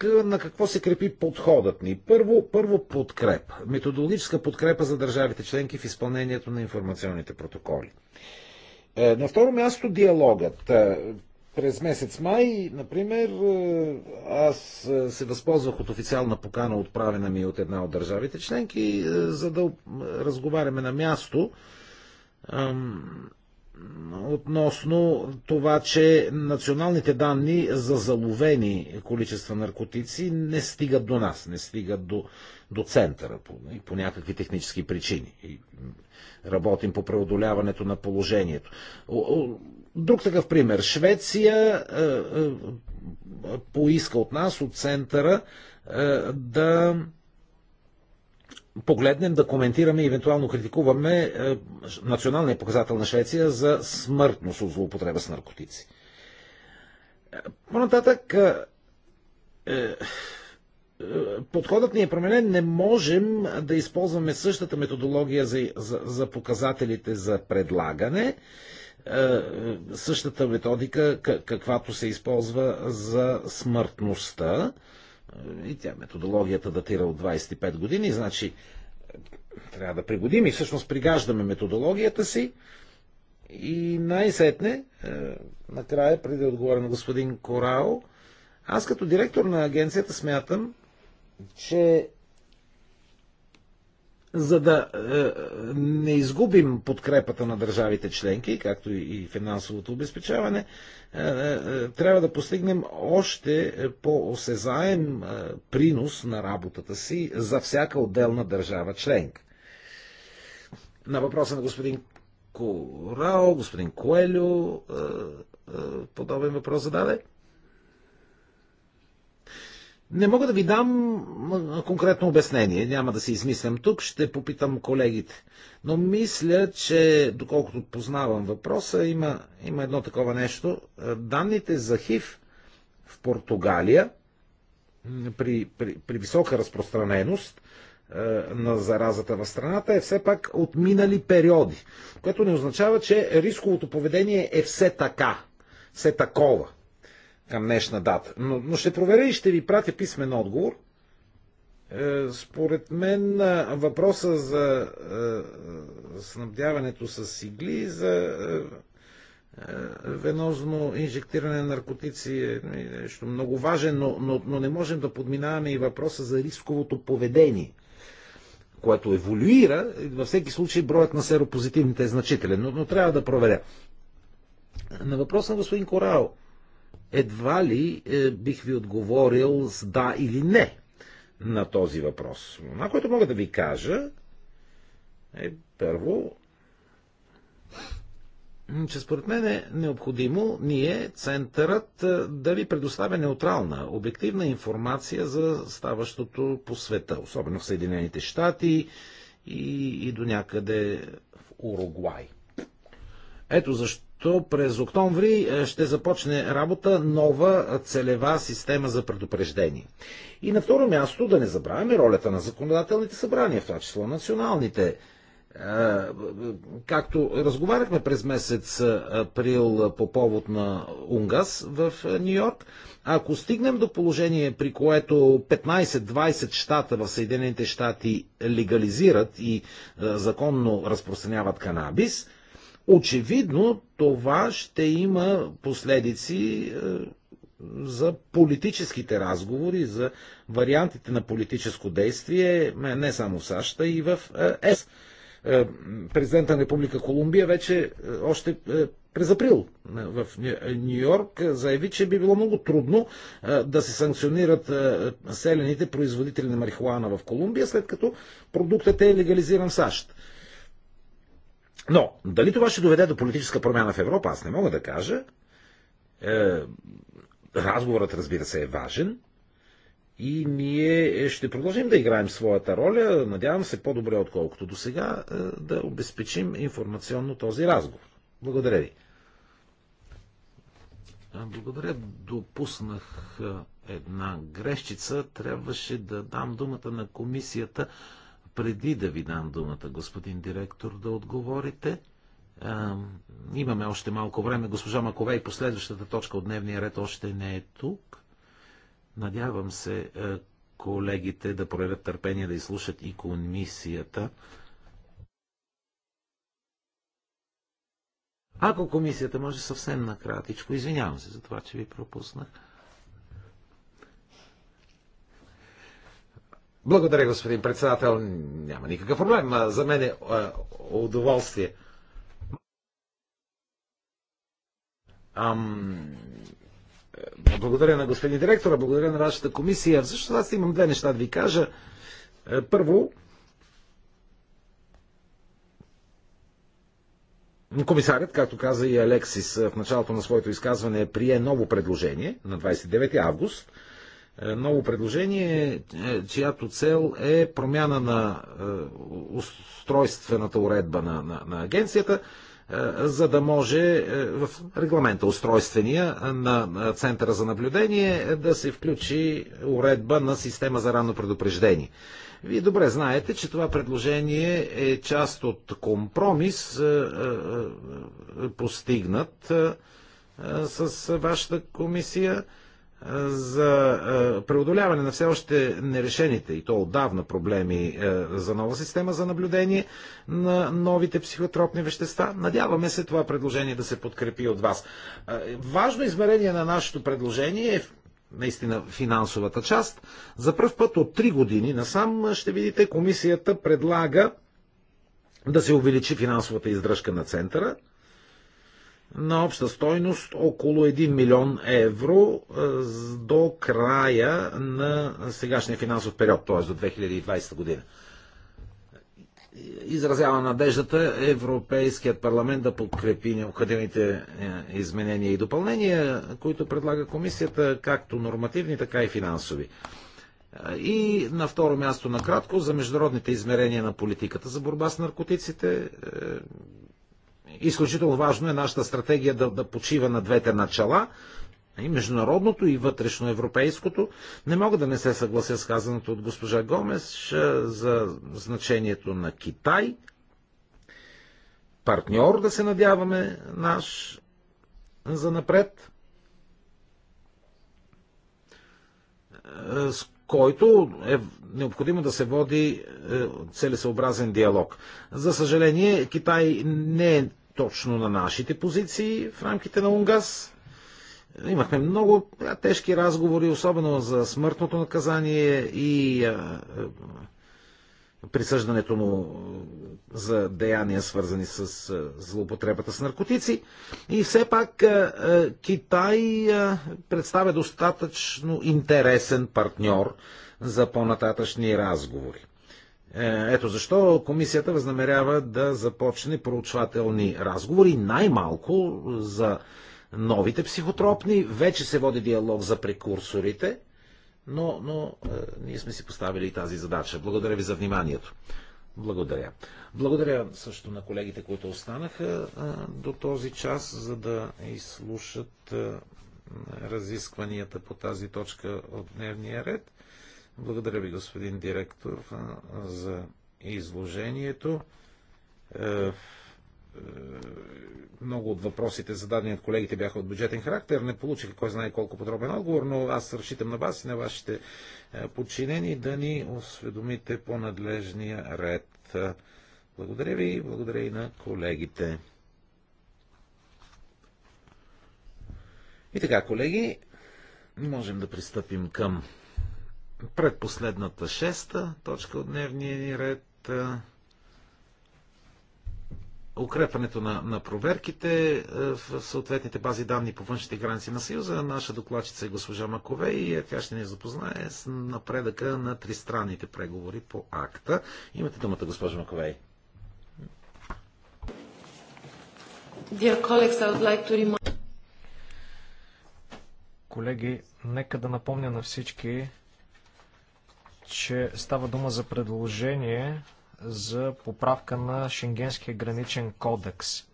е, на какво се крепи подходът ни? Първо, първо подкрепа. Методологическа подкрепа за държавите членки в изпълнението на информационните протоколи. На второ място диалогът. През месец май, например, е, аз е, се възползвах от официална покана, отправена ми от една от държавите членки, е, за да разговаряме на място относно това, че националните данни за заловени количества наркотици не стигат до нас, не стигат до, до центъра по, по някакви технически причини. И работим по преодоляването на положението. Друг такъв пример. Швеция е, е, поиска от нас, от центъра, е, да погледнем, да коментираме и евентуално критикуваме е, националния показател на Швеция за смъртност от злоупотреба с наркотици. по е, е, подходът ни е променен. Не можем да използваме същата методология за, за, за показателите за предлагане. Е, е, същата методика, каквато се използва за смъртността. Е, и тя методологията датира от 25 години, значи трябва да пригодим и всъщност пригаждаме методологията си. И най-сетне, накрая, преди да отговоря на господин Корао, аз като директор на агенцията смятам, че за да е, не изгубим подкрепата на държавите членки, както и финансовото обезпечаване, е, е, трябва да постигнем още по-осезаем принос на работата си за всяка отделна държава членка. На въпроса на господин Корао, господин Коелю, подобен въпрос зададе. Не мога да ви дам конкретно обяснение, няма да си измислям тук, ще попитам колегите. Но мисля, че доколкото познавам въпроса, има, има едно такова нещо. Е, данните за ХИВ в Португалия при, при, при висока разпространеност е, на заразата в страната е все пак от минали периоди, което не означава, че рисковото поведение е все така, все такова към днешна дата. Но, но ще проверя и ще ви пратя писмен отговор. Е, според мен е, въпроса за е, снабдяването с игли, за венозно инжектиране на наркотици е нещо много важен, но, но, но не можем да подминаваме и въпроса за рисковото поведение, което еволюира. Във всеки случай броят на серопозитивните е значителен, но, но трябва да проверя. На въпрос на господин Корал – едва ли е, бих ви отговорил с да или не на този въпрос. На което мога да ви кажа е първо, че според мен е необходимо ние, центърът, е, да ви предоставя неутрална, обективна информация за ставащото по света, особено в Съединените щати и, и до някъде в Уругвай. Ето защо като през октомври е, ще започне работа нова целева система за предупреждение. И на второ място да не забравяме ролята на законодателните събрания, в това число националните. Е, както разговаряхме през месец април по повод на Унгас в е, Нью Йорк, ако стигнем до положение, при което 15-20 щата в Съединените щати легализират и законно разпространяват канабис – Очевидно това ще има последици е, за политическите разговори, за вариантите на политическо действие е, не само в САЩ, а и в ЕС. Е президента на Република Колумбия вече още през април в Нью Йорк заяви, че би било много трудно да се санкционират селените производители на марихуана в Колумбия, след като продуктът е легализиран в САЩ. Но, дали това ще доведе до политическа промяна в Европа, аз не мога да кажа. Е, разговорът, разбира се, е важен. И ние ще продължим да играем своята роля, надявам се по-добре, отколкото до сега, е, да обезпечим информационно този разговор. Благодаря ви. Благодаря. Допуснах е, една грешчица. Трябваше да дам думата на комисията преди да ви дам думата, господин директор, да отговорите. Имаме още малко време. Госпожа Макове и последващата точка от дневния ред още не е тук. Надявам се колегите да проявят търпение да изслушат и комисията. Ако комисията може съвсем накратичко, извинявам се за това, че ви пропуснах. Благодаря, господин председател. Няма никакъв проблем. За мен е, е удоволствие. Ам... Е, благодаря на господин директора, благодаря на вашата комисия. Всъщност аз имам две неща да ви кажа. Е, първо, комисарят, както каза и Алексис в началото на своето изказване, прие ново предложение на 29 август – е, ново предложение, е, чиято цел е промяна на е, устройствената уредба на, на, на агенцията, за да може в регламента устройствения на Центъра за наблюдение да се включи уредба на система за ранно предупреждение. Вие добре знаете, че това предложение е част от компромис, постигнат с вашата комисия за преодоляване на все още нерешените и то отдавна проблеми за нова система за наблюдение на новите психотропни вещества. Надяваме се това предложение да се подкрепи от вас. Важно измерение на нашето предложение е наистина финансовата част. За първ път от 3 години насам ще видите комисията предлага да се увеличи финансовата издръжка на центъра – на обща стойност около 1 милион евро до края на сегашния финансов период, т.е. до 2020 година. Изразява надеждата Европейският парламент да подкрепи необходимите е, изменения и допълнения, които предлага комисията, както нормативни, така и финансови. И на второ място, накратко, за международните измерения на политиката за борба с наркотиците. Е, изключително важно е нашата стратегия да, да почива на двете начала, и международното и вътрешноевропейското. Не мога да не се съглася с казаното от госпожа Гомес за значението на Китай. Партньор да се надяваме наш за напред. Е, с който е необходимо да се води е, целесообразен диалог. За съжаление, Китай не е точно на нашите позиции в рамките на УНГАС. Имахме много тежки разговори, особено за смъртното наказание и присъждането му за деяния, свързани с злоупотребата с наркотици. И все пак Китай представя достатъчно интересен партньор за по-нататъчни разговори. Е, ето защо комисията възнамерява да започне проучвателни разговори, най-малко за новите психотропни. Вече се води диалог за прекурсорите, но, но е, ние сме си поставили тази задача. Благодаря ви за вниманието. Благодаря. Благодаря също на колегите, които останаха е, до този час, за да изслушат е, разискванията по тази точка от дневния ред. Благодаря ви, господин директор, за изложението. Е, е, много от въпросите, зададени от колегите, бяха от бюджетен характер. Не получих кой знае колко подробен отговор, но аз разчитам на вас и на вашите е, подчинени да ни осведомите по надлежния ред. Благодаря ви и благодаря и на колегите. И така, колеги, можем да пристъпим към предпоследната шеста точка от дневния ни ред. Укрепването на, на проверките в съответните бази данни по външните граници на Съюза. Наша докладчица е госпожа Макове и тя ще ни запознае с напредъка на тристранните преговори по акта. Имате думата, госпожа Маковей. Колеги, нека да напомня на всички, че става дума за предложение за поправка на Шенгенския граничен кодекс.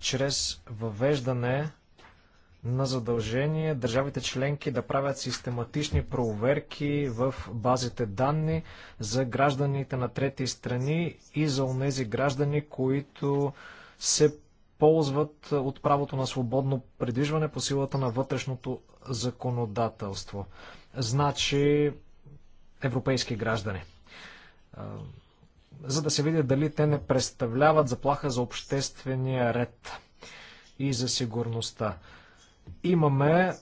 Чрез въвеждане на задължение държавите членки да правят систематични проверки в базите данни за гражданите на трети страни и за онези граждани, които се ползват от правото на свободно придвижване по силата на вътрешното законодателство. Значи европейски граждани. За да се види дали те не представляват заплаха за обществения ред и за сигурността. Имаме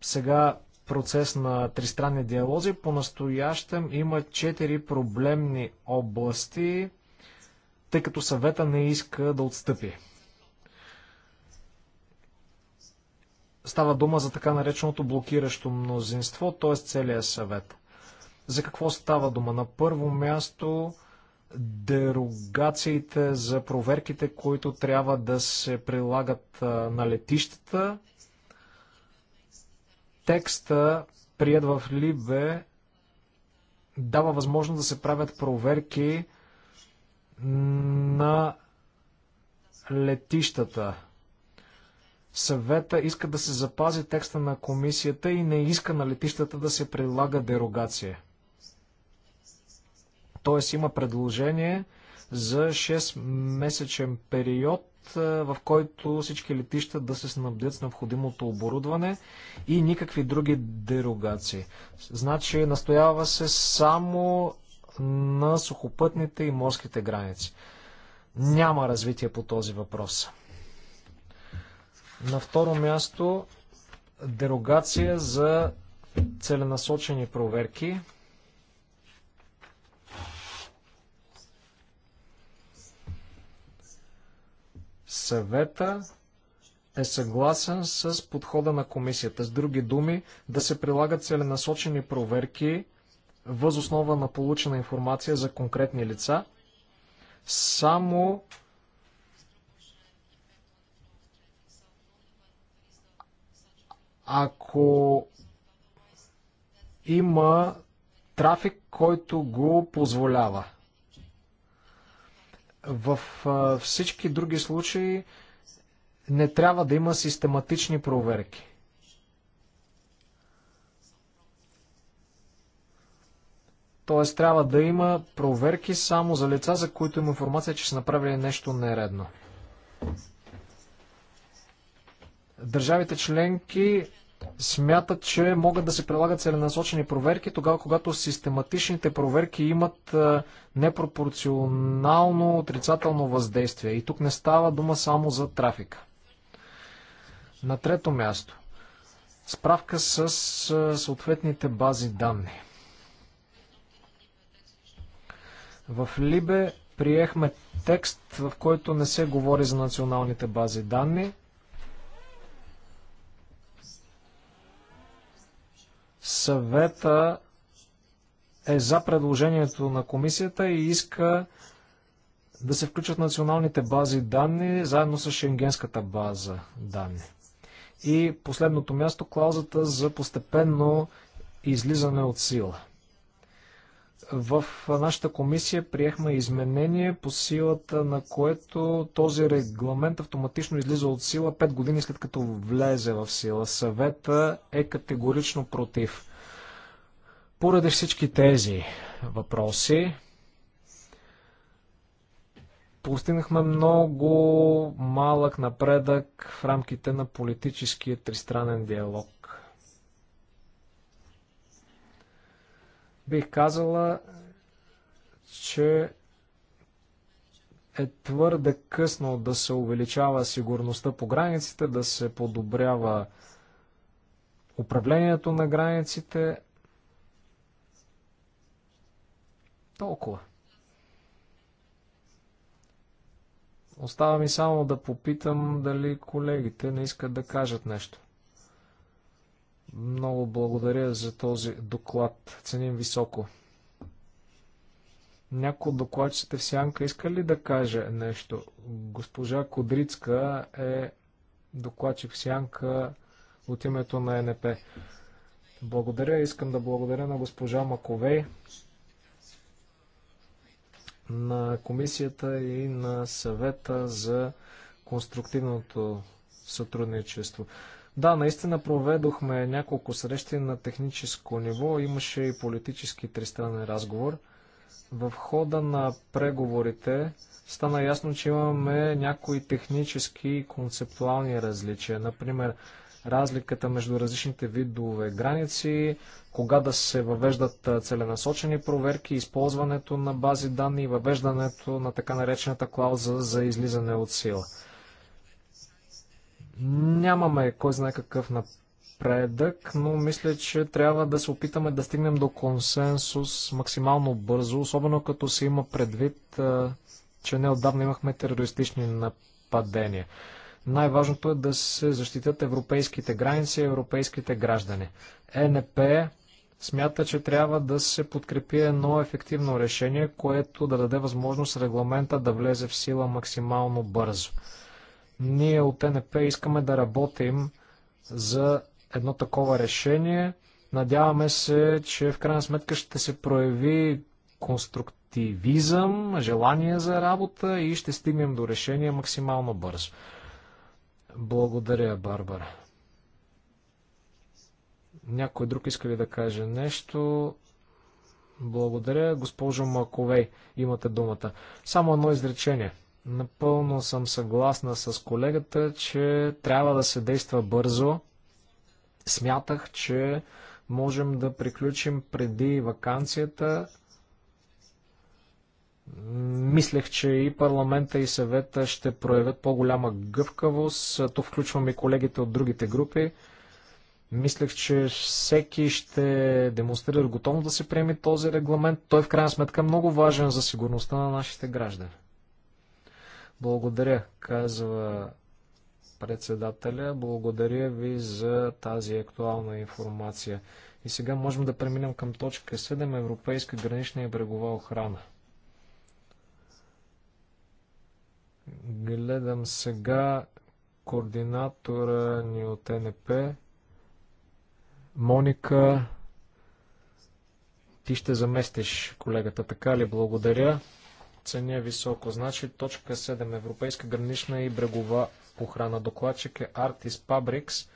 сега процес на тристранни диалози. По-настоящем има четири проблемни области, тъй като съвета не иска да отстъпи. Става дума за така нареченото блокиращо мнозинство, т.е. целия съвет. За какво става дума? На първо място дерогациите за проверките, които трябва да се прилагат на летищата. Текста, прият в Либе, дава възможност да се правят проверки на летищата. Съвета иска да се запази текста на комисията и не иска на летищата да се прилага дерогация. Т.е. има предложение за 6-месечен период, в който всички летища да се снабдят с необходимото оборудване и никакви други дерогации. Значи настоява се само на сухопътните и морските граници. Няма развитие по този въпрос. На второ място дерогация за целенасочени проверки. Съвета е съгласен с подхода на комисията. С други думи, да се прилагат целенасочени проверки въз основа на получена информация за конкретни лица, само ако има трафик, който го позволява. В всички други случаи не трябва да има систематични проверки. Т.е. трябва да има проверки само за лица, за които има информация, че са направили нещо нередно. Държавите членки смятат, че могат да се прилагат целенасочени проверки, тогава когато систематичните проверки имат е, непропорционално отрицателно въздействие. И тук не става дума само за трафика. На трето място. Справка с е, съответните бази данни. В Либе приехме текст, в който не се говори за националните бази данни. Съвета е за предложението на комисията и иска да се включат националните бази данни заедно с шенгенската база данни. И последното място, клаузата за постепенно излизане от сила в нашата комисия приехме изменение, по силата на което този регламент автоматично излиза от сила 5 години след като влезе в сила. Съвета е категорично против. Поради всички тези въпроси, постигнахме много малък напредък в рамките на политическия тристранен диалог. бих казала, че е твърде късно да се увеличава сигурността по границите, да се подобрява управлението на границите. Толкова. Остава ми само да попитам дали колегите не искат да кажат нещо. Много благодаря за този доклад. Ценим високо. Някой от докладчите в Сянка иска ли да каже нещо? Госпожа Кодрицка е докладчик в Сянка от името на НП. Благодаря. Искам да благодаря на госпожа Маковей, на комисията и на съвета за конструктивното сътрудничество. Да, наистина проведохме няколко срещи на техническо ниво, имаше и политически тристранен разговор. В хода на преговорите стана ясно, че имаме някои технически и концептуални различия. Например, разликата между различните видове граници, кога да се въвеждат целенасочени проверки, използването на бази данни и въвеждането на така наречената клауза за излизане от сила. Нямаме кой знае какъв напредък, но мисля, че трябва да се опитаме да стигнем до консенсус максимално бързо, особено като се има предвид, че неодавна имахме терористични нападения. Най-важното е да се защитят европейските граници и европейските граждани. ЕНП смята, че трябва да се подкрепи едно ефективно решение, което да даде възможност регламента да влезе в сила максимално бързо. Ние от НП искаме да работим за едно такова решение. Надяваме се, че в крайна сметка ще се прояви конструктивизъм, желание за работа и ще стигнем до решение максимално бързо. Благодаря, Барбара. Някой друг иска ли да каже нещо? Благодаря, госпожо Маковей. Имате думата. Само едно изречение – Напълно съм съгласна с колегата, че трябва да се действа бързо. Смятах, че можем да приключим преди вакансията. Мислех, че и парламента и съвета ще проявят по-голяма гъвкавост. То включвам и колегите от другите групи. Мислех, че всеки ще демонстрира готовност да се приеме този регламент. Той в крайна сметка е много важен за сигурността на нашите граждани. Благодаря, казва председателя. Благодаря ви за тази актуална информация. И сега можем да преминем към точка 7 Европейска гранична и брегова охрана. Гледам сега координатора ни от НП. Моника, ти ще заместиш колегата, така ли? Благодаря ценя високо. Значи точка 7. Европейска гранична и брегова охрана. Докладчик е Артис Пабрикс,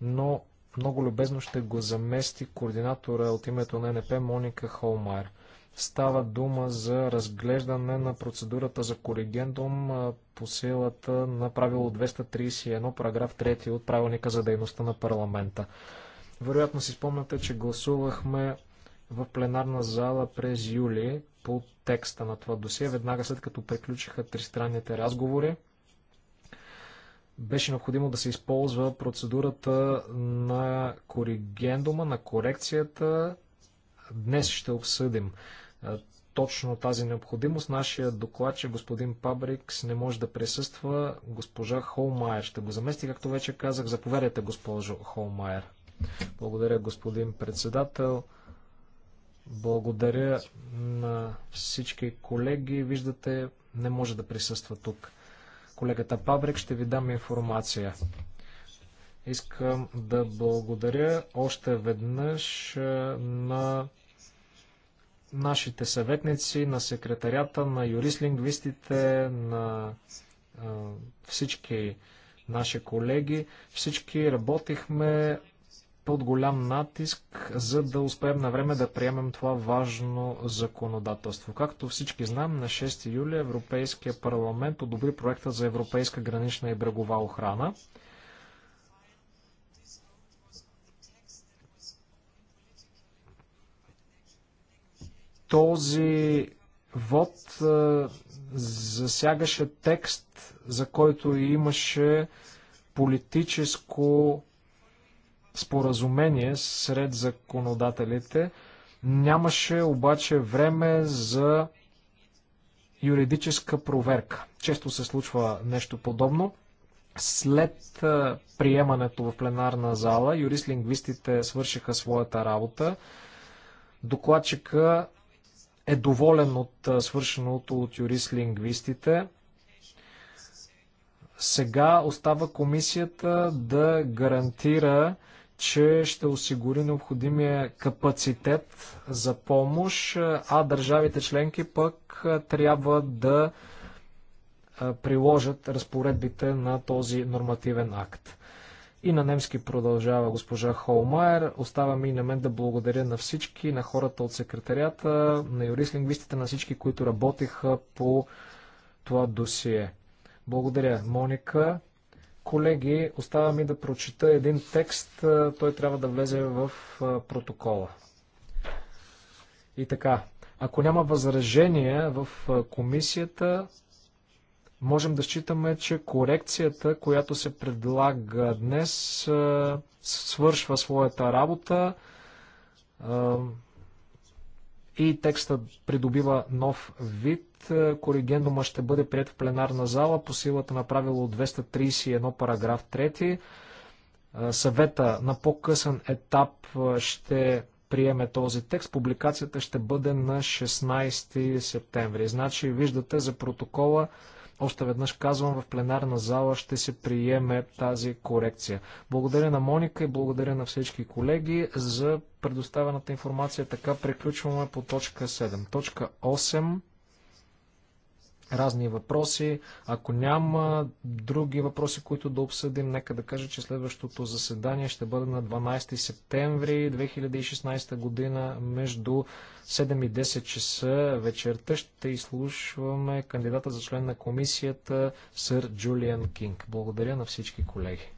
но много любезно ще го замести координатора от името на НП Моника Холмайер. Става дума за разглеждане на процедурата за коригендум по силата на правило 231, параграф 3 от правилника за дейността на парламента. Вероятно си спомняте, че гласувахме в пленарна зала през юли по текста на това досие, веднага след като приключиха тристранните разговори. Беше необходимо да се използва процедурата на коригендума, на корекцията. Днес ще обсъдим точно тази необходимост. Нашия доклад, че господин Пабрикс не може да присъства. Госпожа Холмайер ще го замести, както вече казах. Заповядайте, госпожо Холмайер. Благодаря, господин председател. Благодаря на всички колеги. Виждате, не може да присъства тук. Колегата Пабрик ще ви дам информация. Искам да благодаря още веднъж на нашите съветници, на секретарята, на юрист-лингвистите, на всички наши колеги. Всички работихме под голям натиск, за да успеем на време да приемем това важно законодателство. Както всички знаем, на 6 юли Европейския парламент одобри проекта за европейска гранична и брегова охрана. Този вод засягаше текст, за който имаше политическо споразумение сред законодателите. Нямаше обаче време за юридическа проверка. Често се случва нещо подобно. След приемането в пленарна зала, юрист-лингвистите свършиха своята работа. Докладчика е доволен от свършеното от юрист-лингвистите. Сега остава комисията да гарантира че ще осигури необходимия капацитет за помощ, а държавите членки пък трябва да приложат разпоредбите на този нормативен акт. И на немски продължава госпожа Холмайер. Остава ми и на мен да благодаря на всички, на хората от секретарията, на юрист-лингвистите, на всички, които работиха по това досие. Благодаря, Моника. Колеги, остава ми да прочита един текст. Той трябва да влезе в протокола. И така, ако няма възражения в комисията, можем да считаме, че корекцията, която се предлага днес, свършва своята работа и текстът придобива нов вид. Е, коригендума ще бъде прият в пленарна зала по силата на правило 231 параграф 3. Е, съвета на по-късен етап е, ще приеме този текст. Публикацията ще бъде на 16 септември. Значи, виждате за протокола, още веднъж казвам, в пленарна зала ще се приеме тази корекция. Благодаря на Моника и благодаря на всички колеги за предоставената информация. Така приключваме по точка 7. Точка 8 разни въпроси. Ако няма други въпроси, които да обсъдим, нека да кажа, че следващото заседание ще бъде на 12 септември 2016 година между 7 и 10 часа вечерта. Ще изслушваме кандидата за член на комисията Сър Джулиан Кинг. Благодаря на всички колеги.